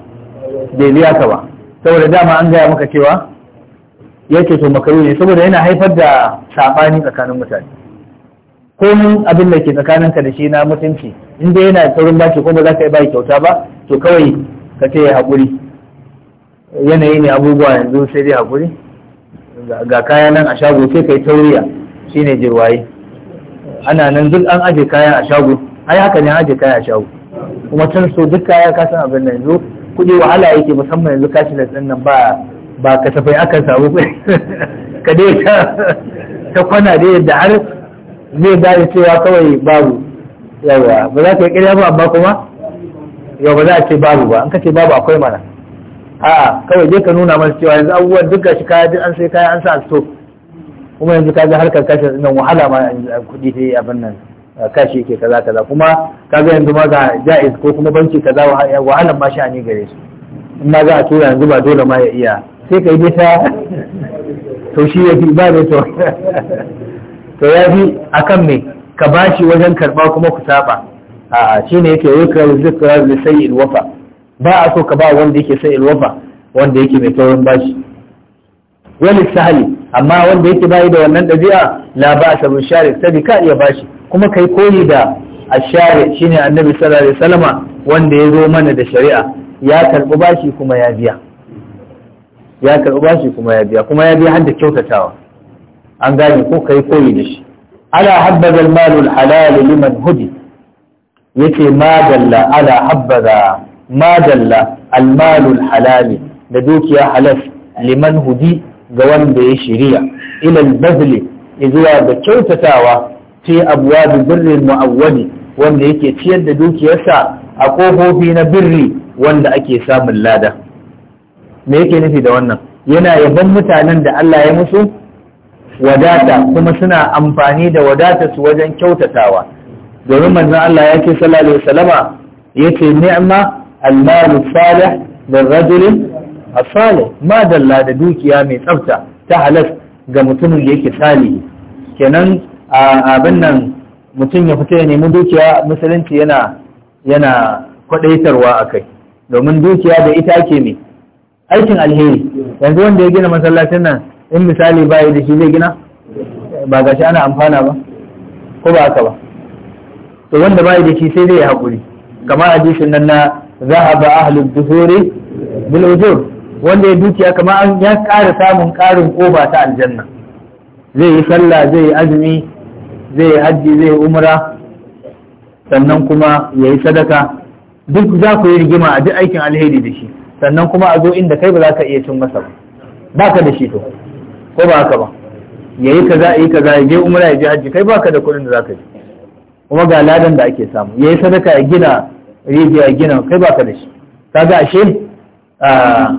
bai biya ka ba saboda dama an gaya maka cewa yake to makaru ne saboda yana haifar da sabani tsakanin mutane mun abin da ke tsakaninka da shi na mutunci in dai yana saurin bashi ko ba za ka yi kyauta ba to kawai ka ce ya haƙuri yanayi ne abubuwa yanzu sai dai haƙuri ga kaya nan a shago sai ka yi tauriya shine jirwaye ana nan duk an aje kaya a shago ai haka ne aje kaya a shago kuma can so duk kaya ka san abin nan yanzu kuɗi wahala yake musamman yanzu kashi da nan ba ba kasafai akan samu ka dai ta kwana dai yadda har zai gane cewa kawai babu yawa ba za ka yi ƙirya ba amma kuma yau ba za a ce babu ba an ka ce babu akwai mana a'a kawai je ka nuna masa cewa yanzu abubuwan duk gashi kaya duk an sai kaya an sa a store kuma yanzu kaga harkar kashe nan wahala ma kuɗi sai abin nan kashi ke kaza kaza kuma kaga yanzu ma ga jaiz ko kuma banki kaza wahalan ma sha'ani gare su in ma za a tura yanzu ba dole ma ya iya sai ka yi ta to shi ya fi ba da to to ya fi akan me ka bashi wajen karɓa kuma ku saba a'a shine yake yukra zikra li sayyi wafa ba a so ka ba wanda yake sayyi wafa wanda yake mai taurin bashi wani sahali amma wanda yake bayi da wannan ɗabi'a la ba a shari sabi ka iya bashi kuma kai koyi da a ashari shine annabi sallallahu alaihi wasallama wanda ya zo mana da shari'a ya karɓi bashi kuma ya biya ya karɓi bashi kuma ya biya kuma ya biya har da kyautatawa an gane ko kai koyi da shi ala habbaza al-malu al-halal liman hudi yace ma dalla ala habbaza ma dalla al-malu al-halal da dukiya halal liman hudi ga wanda ya shirya ilal bazli zuwa ga kyautatawa fi abwabi birrin mu'awwadi wanda yake ciyar da dukiyarsa a kofofi na birri wanda ake samun lada me yake nufi da wannan yana yaban mutanen da Allah ya musu wadata kuma suna amfani da wadata su wajen kyautatawa domin manzon Allah ya sallallahu alaihi wasallama yace ni'ma al-malu salih lirajuli asali ma madalla da dukiya mai tsafta ta halas ga mutumin da yake salihi kenan abin nan mutum ya fita ya nemi dukiya musulunci yana yana kwadaitarwa kai domin dukiya da ita ake mai aikin alheri yanzu wanda ya gina masallacin nan in misali bayi da shi zai gina ba gashi ana amfana ba ko ba haka ba to wanda bayi da shi sai zai yi haƙuri kamar hadisin nan na ba ahlud duhuri bil ujur wanda ya dukiya kamar an ya ƙara samun ƙarin ƙoba ta aljanna zai yi sallah zai yi azumi zai yi hajji zai yi umra sannan kuma ya yi sadaka duk za ku yi rigima a duk aikin alheri da shi sannan kuma a zo inda kai ba za ka iya cin masa ba ba ka da shi to ko ba haka ba ya yi kaza ya yi kaza ya je umra ya je hajji kai ba ka da kuɗin da za ka yi kuma ga ladan da ake samu ya yi sadaka ya gina rijiya ya gina kai ba ka da shi ga ashe ah,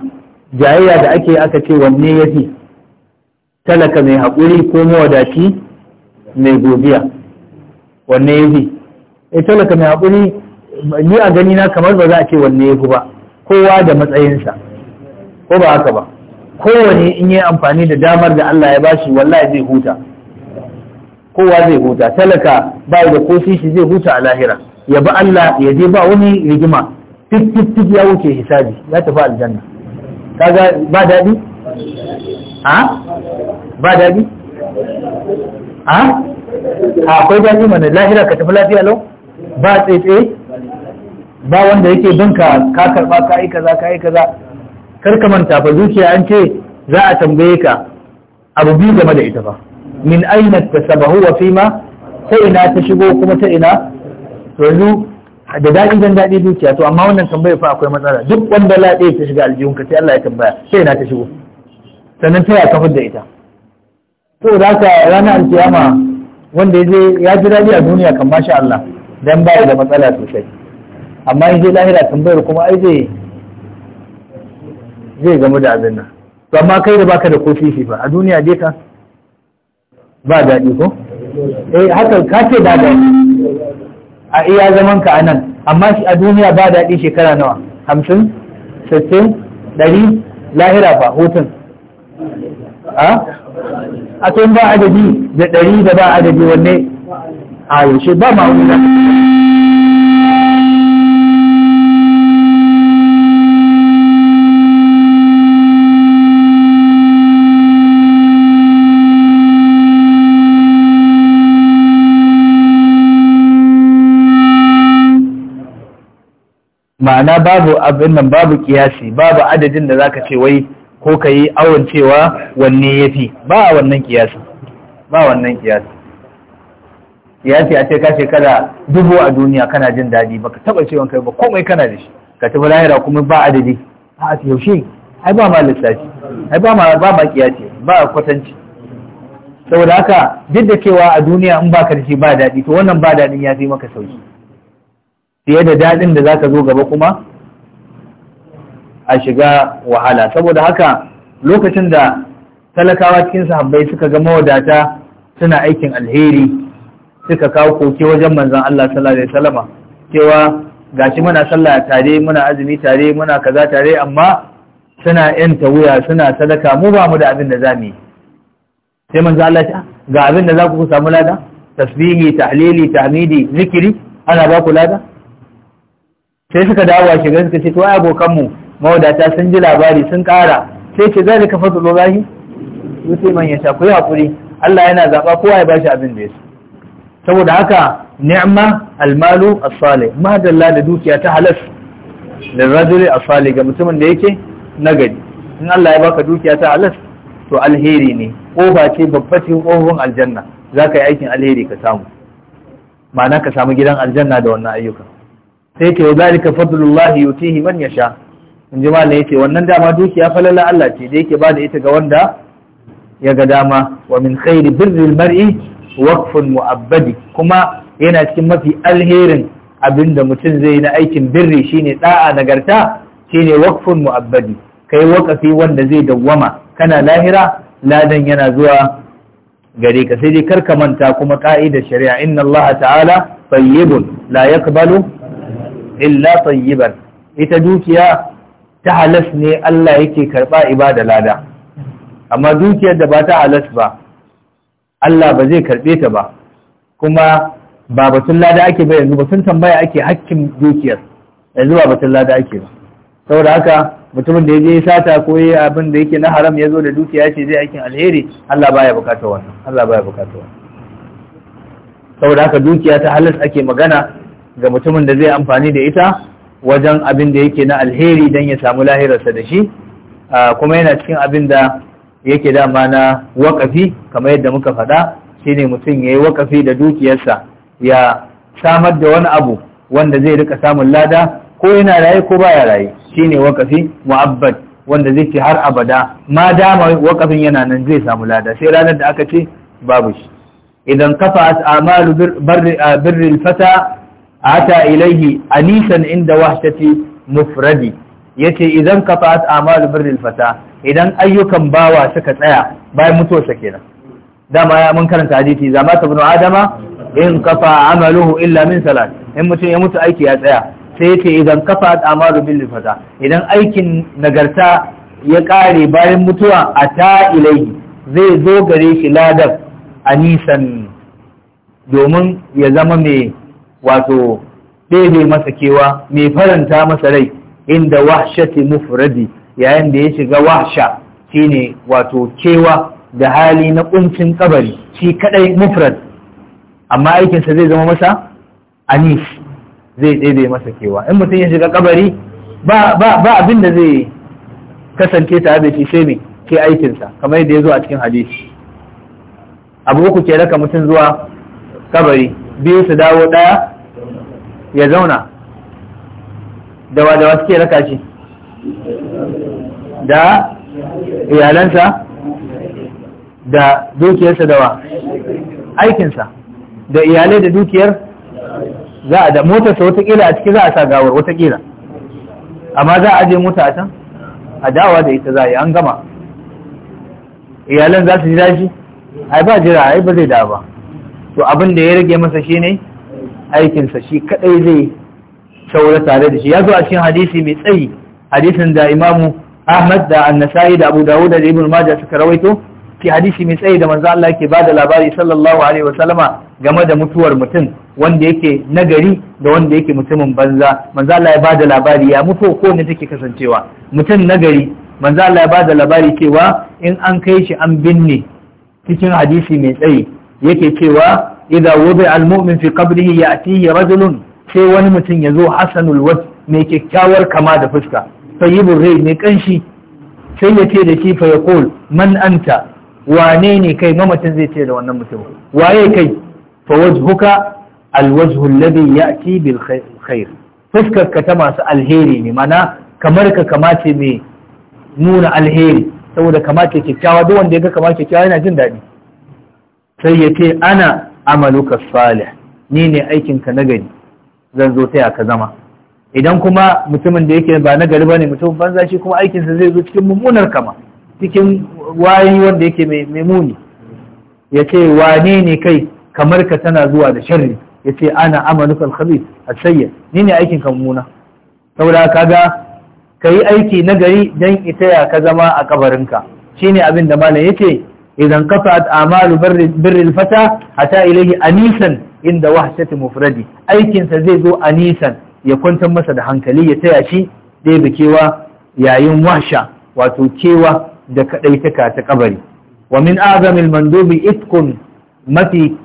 jayayya da ake aka ce wanne ya fi talaka mai haƙuri ko mawadaci mai godiya wanne ya fi e talaka mai haƙuri ni a gani na kamar ba za a ce wanne ya fi ba kowa da matsayinsa ko ba haka ba kowane in yi amfani da damar da Allah ya bashi wallahi zai huta kowa zai huta talaka ba da ko shi zai huta a lahira ya Allah ya je ba wani rigima tik tik tik ya wuce hisabi ya tafi aljanna ba daɗi ha? ba daɗi ha? akwai daɗi mana lahira ka tafi lafiya lau ba tsetse ba wanda yake bin ka ka karɓa ka yi kaza ka yi kaza kar ka manta fa zuciya an ce za a tambaye ka abu biyu game da ita ba min aina sabahu wa fima ta ina ta shigo kuma ta ina to yanzu da daɗi dan daɗi dukiya to amma wannan tambayar fa akwai matsala duk wanda laɗe ta shiga aljihunka sai Allah ya tambaya sai na ta shigo sannan ta ya kafar da ita to da ka ranar alkiyama wanda ya ya ji daɗi a duniya kan masha Allah dan ba da matsala sosai amma in je lahira tambayar kuma ai zai zai gamu da abin to amma kai da baka da kofi shi ba a duniya dai ka ba daɗi ko eh haka ka ce ba daɗi a iya zaman ka anan amma shi a duniya ba daɗi shekara nawa hamsin sittin ɗari lahira ba hutun a a tun ba adadi da ɗari da ba adadi wanne a yaushe ba ma'amuna ma'ana babu abin nan babu kiyasi babu adadin da zaka ce wai ko ka yi awon cewa wanne ya fi ba a wannan kiyasi ba wannan kiyasi kiyasi a ce ka shekara dubu a duniya kana jin daɗi baka taɓa cewa kai ba komai kana da shi ka tafi lahira kuma ba adadi a yaushe ai ba ma lissafi ai ba ma ba ma kiyasi ba kwatanci saboda haka duk da cewa a duniya in baka da shi ba daɗi to wannan ba daɗin ya fi maka sauki fiye da daɗin da za ka zo gaba kuma a shiga wahala saboda haka lokacin da talakawa cikin sahabbai suka ga mawadata suna aikin alheri suka kawo koke wajen manzon Allah sallallahu alaihi wasallama cewa gashi muna sallah tare muna azumi tare muna kaza tare amma suna yanta wuya suna sadaka mu ba mu da abin da zamu yi sai manzo Allah ya ah, ga abin da za ku samu lada tasbihi tahlili tahmidi zikiri ana ba ku lada sai suka dawo a shigar suka ce to ai abokanmu mawadata sun ji labari sun ƙara sai ce zai ka fasa lolahi yusi man ya shafi haƙuri Allah yana zaba kowa ya bashi abin da ya saboda haka ni'ma almalu as-salih da dukiya ta halas da rajuli as-salih ga mutumin da yake nagari in Allah ya baka dukiya ta halas to alheri ne kofa ce babba ce kofin aljanna zaka yi aikin alheri ka samu ma'ana ka samu gidan aljanna da wannan ayyukan sai ce zalika fadlullahi yutihi man yasha in ji malam yace wannan dama dukiya falala Allah ce da yake bada ita ga wanda ya ga dama wa min khairi birril mar'i waqfun mu'abbadi kuma yana cikin mafi alherin abinda mutum zai na aikin birri shine da'a nagarta shine waqfun mu'abbadi kai wakafi wanda zai dawwama kana lahira ladan yana zuwa gare ka sai dai karka manta kuma ka'idar shari'a inna Allah ta'ala tayyibun la yaqbalu illa tayyiban ita dukiya ta halas ne Allah yake karba ibada lada amma dukiyar da ba ta halas ba Allah ba zai karbe ta ba kuma ba batun lada ake ba yanzu sun tambaya ake hakkin dukiyar yanzu ba batun lada ake ba saboda haka mutumin da ya je sata ko ya abin da yake na haram ya zo da dukiya ce zai aikin alheri Allah baya bukata wannan Allah baya bukata wannan saboda haka dukiya ta halas ake magana ga mutumin da zai amfani da ita wajen abin da yake na alheri don ya samu lahirarsa da shi kuma yana cikin abin da yake dama na wakafi kamar yadda muka faɗa shine mutum ya yi wakafi da dukiyarsa ya samar da wani abu wanda zai rika samun lada ko yana raye ko baya raye shine wakafi mu'abbad wanda zai ce har abada ma dama wakafin yana nan zai samu lada sai ranar da aka ce babu shi idan kafa as'amalu birril fata ata ilaihi anisan inda wahshati mufradi yace idan qata'at a'malu birril fata idan ayyukan bawa suka tsaya bayan sa kenan dama ya mun karanta hadisi zama ta ibn adama in kafa amaluhu illa min salat in mutum ya mutu aiki ya tsaya sai yace idan kafa amalu bil fata idan aikin nagarta ya kare bayan mutuwa a ta ilaihi zai zo gare shi ladab anisan domin ya zama mai wato ɗebe masa kewa mai faranta masa rai inda wahshati mufradi yayin da ya shiga wahsha shine wato kewa da hali na kuncin kabari shi kadai mufrad amma aikinsa zai zama masa anis zai ɗebe masa kewa in mutum ya shiga kabari ba abin da zai kasance tare da shi sai mai ke aikinsa kamar yadda ya zo a cikin hadisi abu uku ke raka mutum zuwa kabari biyu su dawo ɗaya ya zauna dawa dawa suke raka shi da iyalansa da dukiyarsa dawa aikinsa da iyalai da dukiyar za a da motarsa watakila a ciki za a sa gawar watakila amma za a je mota a can a dawa da ita za a yi an gama iyalan za su jira shi ai ba jira ai ba zai da ba to abin da ya rage masa shi ne. aikinsa shi kadai zai saura tare da shi ya zo a cikin hadisi mai tsayi hadisin da imamu ahmad da annasai da abu dawud da ibn majah suka rawaito ki hadisi mai tsayi da manzo Allah yake bada labari sallallahu alaihi wasallama game da mutuwar mutum wanda yake nagari da wanda yake mutumin banza manzo Allah ya bada labari ya mutu ko ne take kasancewa mutum nagari manzo Allah ya bada labari cewa in an kai shi an binne cikin hadisi mai tsayi yake cewa idza wudi al fi qabrihi ya'tihi rajulun sai wani mutum ya zo hasanul wajh mai kyakkyawar kama da fuska tayyibur rai mai kanshi sai ya ce da shi fa yaqul man anta wane ne kai mamacin zai ce da wannan mutum waye kai fa wajhuka alwajhu alladhi ya'ti bil khair fuskar ka ta masu alheri ne mana kamar ka kamace mai nuna alheri saboda kamace kyakkyawa duk wanda ya ga kamace kyakkyawa yana jin daɗi sai ya ce ana amaluka salih ni ne aikinka na gari zan zo taya ka zama idan kuma mutumin da yake ba na gari bane mutum banza shi kuma aikinsa zai zo cikin mummunar kama cikin wayi wanda yake mai muni ya ce wane ne kai kamar ka tana zuwa da sharri ya ce ana amaluka a asayyid ni ne aikinka mummuna saboda kaga ka aiki nagari gari don ita ya ka zama a kabarinka shine abin da malam yake. idan qata'at amalu birril fata hatta a anisan inda wahshati mufradi aikinsa zai zo anisan ya kwantar masa da hankali ya taya shi dai bikewa yayin wahsha wato kewa da kadaitaka ta kabari wa min azamil mandubi itkun mafi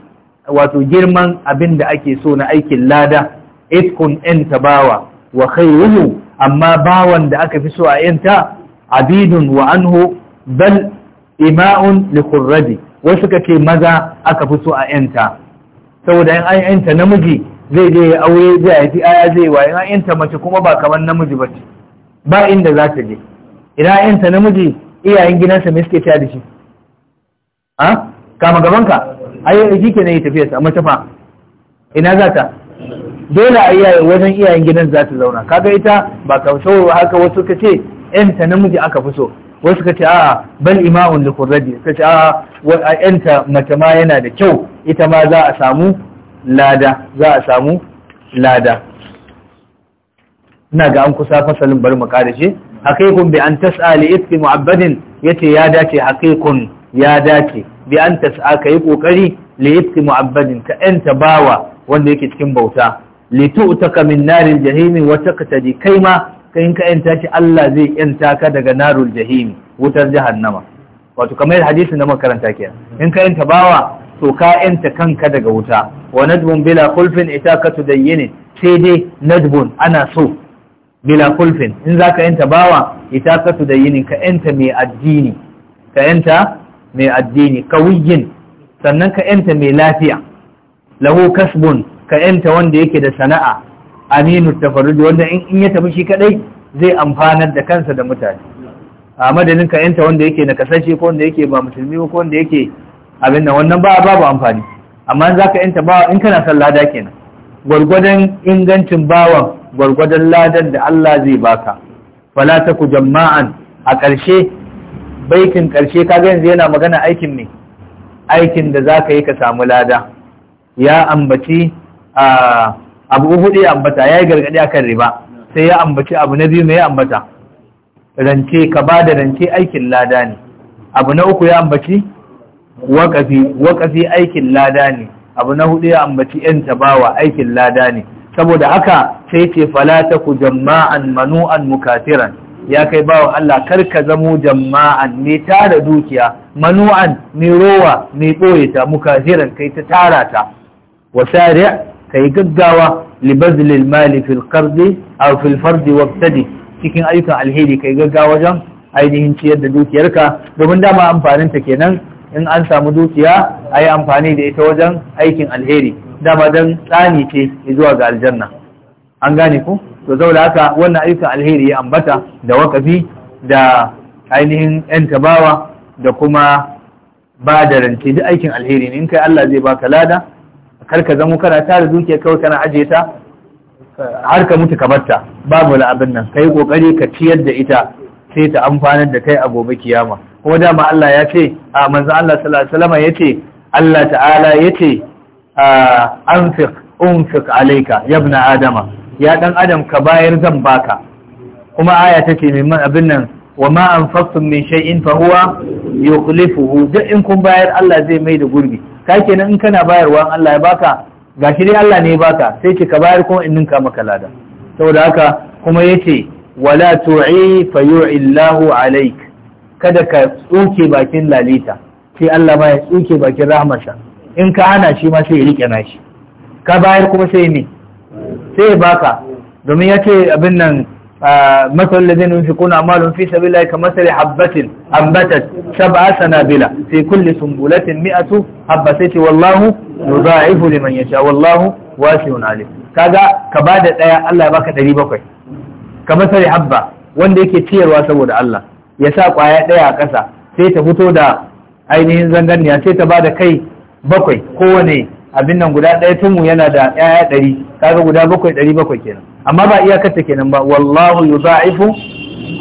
wato girman abin da ake so na aikin lada itkun yan tabawa wa khairuhu amma bawan da aka fi so a yanta abidun wa anhu bal ima'un li khurrabi wasu suka ce maza aka fi so a yanta saboda in an yanta namiji zai je ya aure zai haifi aya zai wa in an yanta mace kuma ba kamar namiji ba ce ba inda za ta je idan an yanta namiji iyayen gidansa me suke da shi ha kama ka. ai shi ke ne tafiya sa mace fa ina za ta dole a iyaye wajen iyayen gidan za ta zauna kaga ita ba ka haka wasu ka ce yanta namiji aka fi so wasu suka ce a'a bal ima'un li suka ce a yanta mace ma yana da kyau ita ma za a samu lada za a samu lada ina ga an kusa fasalin bari mu kare bi an tas'a li mu'abbadin yace ya dace haqiqun ya dace bi an tas'a kai kokari li iski mu'abbadin ka yanta bawa wanda yake cikin bauta li tu'taka min narin jahimin wa taqtadi ma. kai in ka yanta shi Allah zai yanta ka daga narul jahimi wutar jahannama wato kamar hadisi na makaranta kenan in ka yanta bawa to ka yanta kanka daga wuta wa nadbun bila kulfin itakatu dayyinin sai dai nadbun ana so bila kulfin in ka yanta bawa ita itakatu dayyinin ka yanta mai addini ka yanta mai addini kawiyin sannan ka yanta mai lafiya lahu kasbun ka yanta wanda yake da sana'a aminu tafarudu wanda in ya tafi shi kadai zai amfanar da kansa da mutane a madadin ka yanta wanda yake na kasashe ko wanda yake ba musulmi ko wanda yake abin nan wannan ba babu amfani amma in zaka yanta bawa in kana son lada kenan gwargwadon ingancin bawan gwargwadon ladan da Allah zai baka fala taku jama'an a ƙarshe baitin ƙarshe kaga yanzu yana magana aikin ne aikin da zaka yi ka samu lada ya ambaci a abu hudu ya ambata ya yi gargaɗi kan riba sai ya ambaci abu na biyu mai ya ambata rance ka ba da rance aikin lada ne abu na uku ya ambaci wakafi wakafi aikin lada ne abu na hudu ya ambaci yan tabawa aikin lada ne saboda haka sai ce falata ku jama'an manu'an mukatiran ya kai bawa Allah kar ka zamo jama'an mai tara dukiya manu'an mai rowa mai ɓoye ta mukatiran kai ta tara ta wasari kai gaggawa li bazlil mali fil qardi aw fil fardi wabtadi cikin ayyukan alheri kai gaggawa wajen ainihin ciyar da dukiyarka domin dama amfanin ta kenan in an samu dukiya ayi amfani da ita wajen aikin alheri dama dan tsani ce zuwa ga aljanna an gane ku to saboda haka wannan ayyukan alheri ya ambata da wakafi da ainihin yan tabawa da kuma ba da rance duk aikin alheri ne in kai Allah zai baka lada kar ka zamo kana tara dukiya kawai kana ajiye ta har ka mutu kamar ta babu la abin nan kai kokari ka ciyar da ita sai ta amfanar da kai a gobe kiyama kuma dama Allah ya ce a manzo Allah sallallahu alaihi wasallam ya Allah ta'ala yace ce anfiq unfiq alayka ya ibn adama ya dan adam ka bayar zan baka kuma aya take mai abin nan wa ma anfaqtum min shay'in fa huwa yukhlifuhu duk in kun bayar Allah zai mai da gurbi ka kenan in kana bayarwa Allah ya baka gashi dai Allah ne ya baka sai ce ka bayar kuma in ninka maka lada saboda haka kuma yace wala tu'i fa yu'illahu alaik kada ka tsuke bakin lalita sai Allah ma ya tsuke bakin rahmarsa in ka hana shi ma sai ya rike nashi ka bayar kuma sai ne sai ya baka domin yace abin nan مثل الذين ينفقون أمالهم في سبيل الله كمثل حبة أنبتت سبع سنابلة في كل سنبلة مئة حبة والله يضاعف لمن يشاء والله واسع عليم kaga ka bada ɗaya Allah ya baka bakwai, ka masari habba wanda yake ciyarwa saboda Allah ya sa kwaya ɗaya a ƙasa, sai ta fito da ainihin zanganiya sai ta ba da kai bakwai kowane abin nan guda ɗaya tun mu yana da ƴaƴa ɗari kaga guda bakwai ɗari bakwai kenan amma ba iyakarta kenan ba wallahu yuza'ifu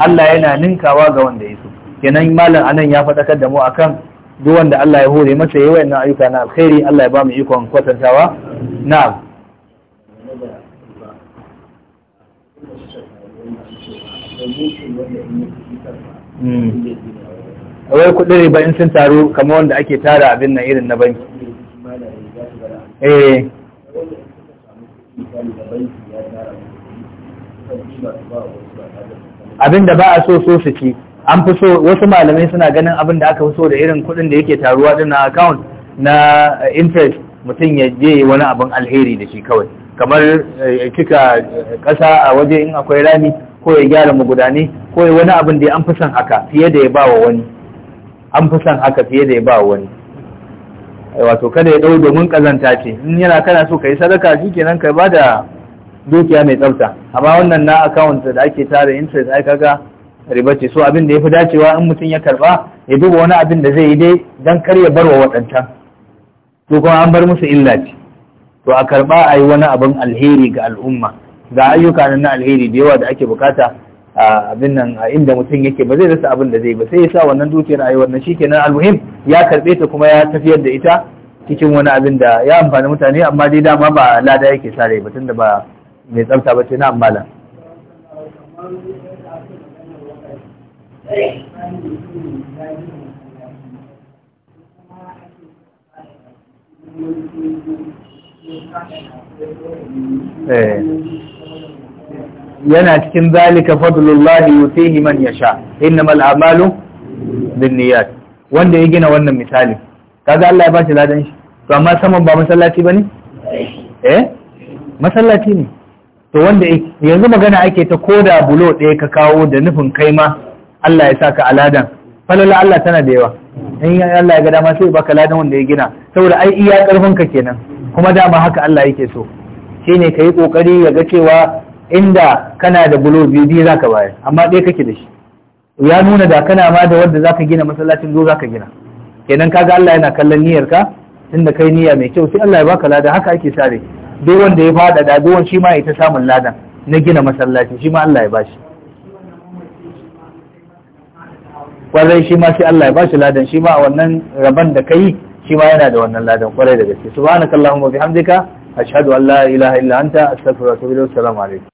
Allah yana ninkawa ga wanda ya so kenan malam anan ya faɗakar da mu akan duk wanda Allah ya hore masa yayi wayannan ayyuka na alkhairi Allah ya ba mu ikon kwatantawa na'am hmm. wai kuɗin ba in sun taru kamar wanda ake tara abin nan irin na banki eh abin da ba a so so su ci an fi so wasu malamai suna ganin abin da aka fi so da irin kuɗin da yake taruwa din na account na eh, interest mutum ya je wani abin alheri da shi kawai kamar eh, kika kasa eh, a waje in akwai rami ko ya gyara magudane ko ya wani abin da an fi son haka fiye da ya ba an fi son haka fiye da ya ba wa wani wato kada ya dau domin kazanta ce in yana kana so ka yi sadaka ka ba da dukiya mai tsafta amma wannan na account da ake tara interest ai kaga riba ce so abin da fi dacewa in mutum ya karba ya duba wani abin da zai yi dai dan kar ya barwa wadancan to kuma an bar musu illa ce to a karba yi wani abin alheri ga al'umma ga ayyuka na alheri da yawa da ake bukata abin nan a inda mutum yake ba zai rasa abin da zai ba sai ya sa wannan dukiyar a yi wannan kenan almuhim ya karbe ta kuma ya tafiyar da ita cikin wani abin da ya amfani mutane amma dai dama ba lada yake sare ba tunda ba mai tsafta ba ce na amala Eh. yana cikin zalika fadlullahi yutihi man yasha innama al'amalu binniyat wanda ya gina wannan misali kaga Allah ya bashi ladan shi to amma saman ba masallaci bane eh masallaci ne to wanda yanzu magana ake ta koda bulo ɗaya ka kawo da nufin kai ma Allah ya saka aladan falala Allah tana da yawa in Allah ya ga dama sai baka ladan wanda ya gina saboda ai iya karfin ka kenan kuma dama haka Allah yake so shine kai kokari ya ga cewa inda kana da bulo biyu biyu ka bayar amma ɗaya kake da shi ya nuna da kana ma da wanda ka gina masallacin zo ka gina kenan kaga Allah yana kallon niyyar ka tunda kai niyya mai kyau sai Allah ya baka lada haka ake sare duk wanda ya fada da duk shi ma ya ta samun ladan na gina masallaci shi ma Allah ya bashi kwarai shi ma sai Allah ya bashi ladan shi ma wannan rabon da kai shi ma yana da wannan ladan kwarai da gaske subhanakallahumma bihamdika ashhadu an la ilaha illa anta astaghfiruka wa atubu ilaik assalamu alaikum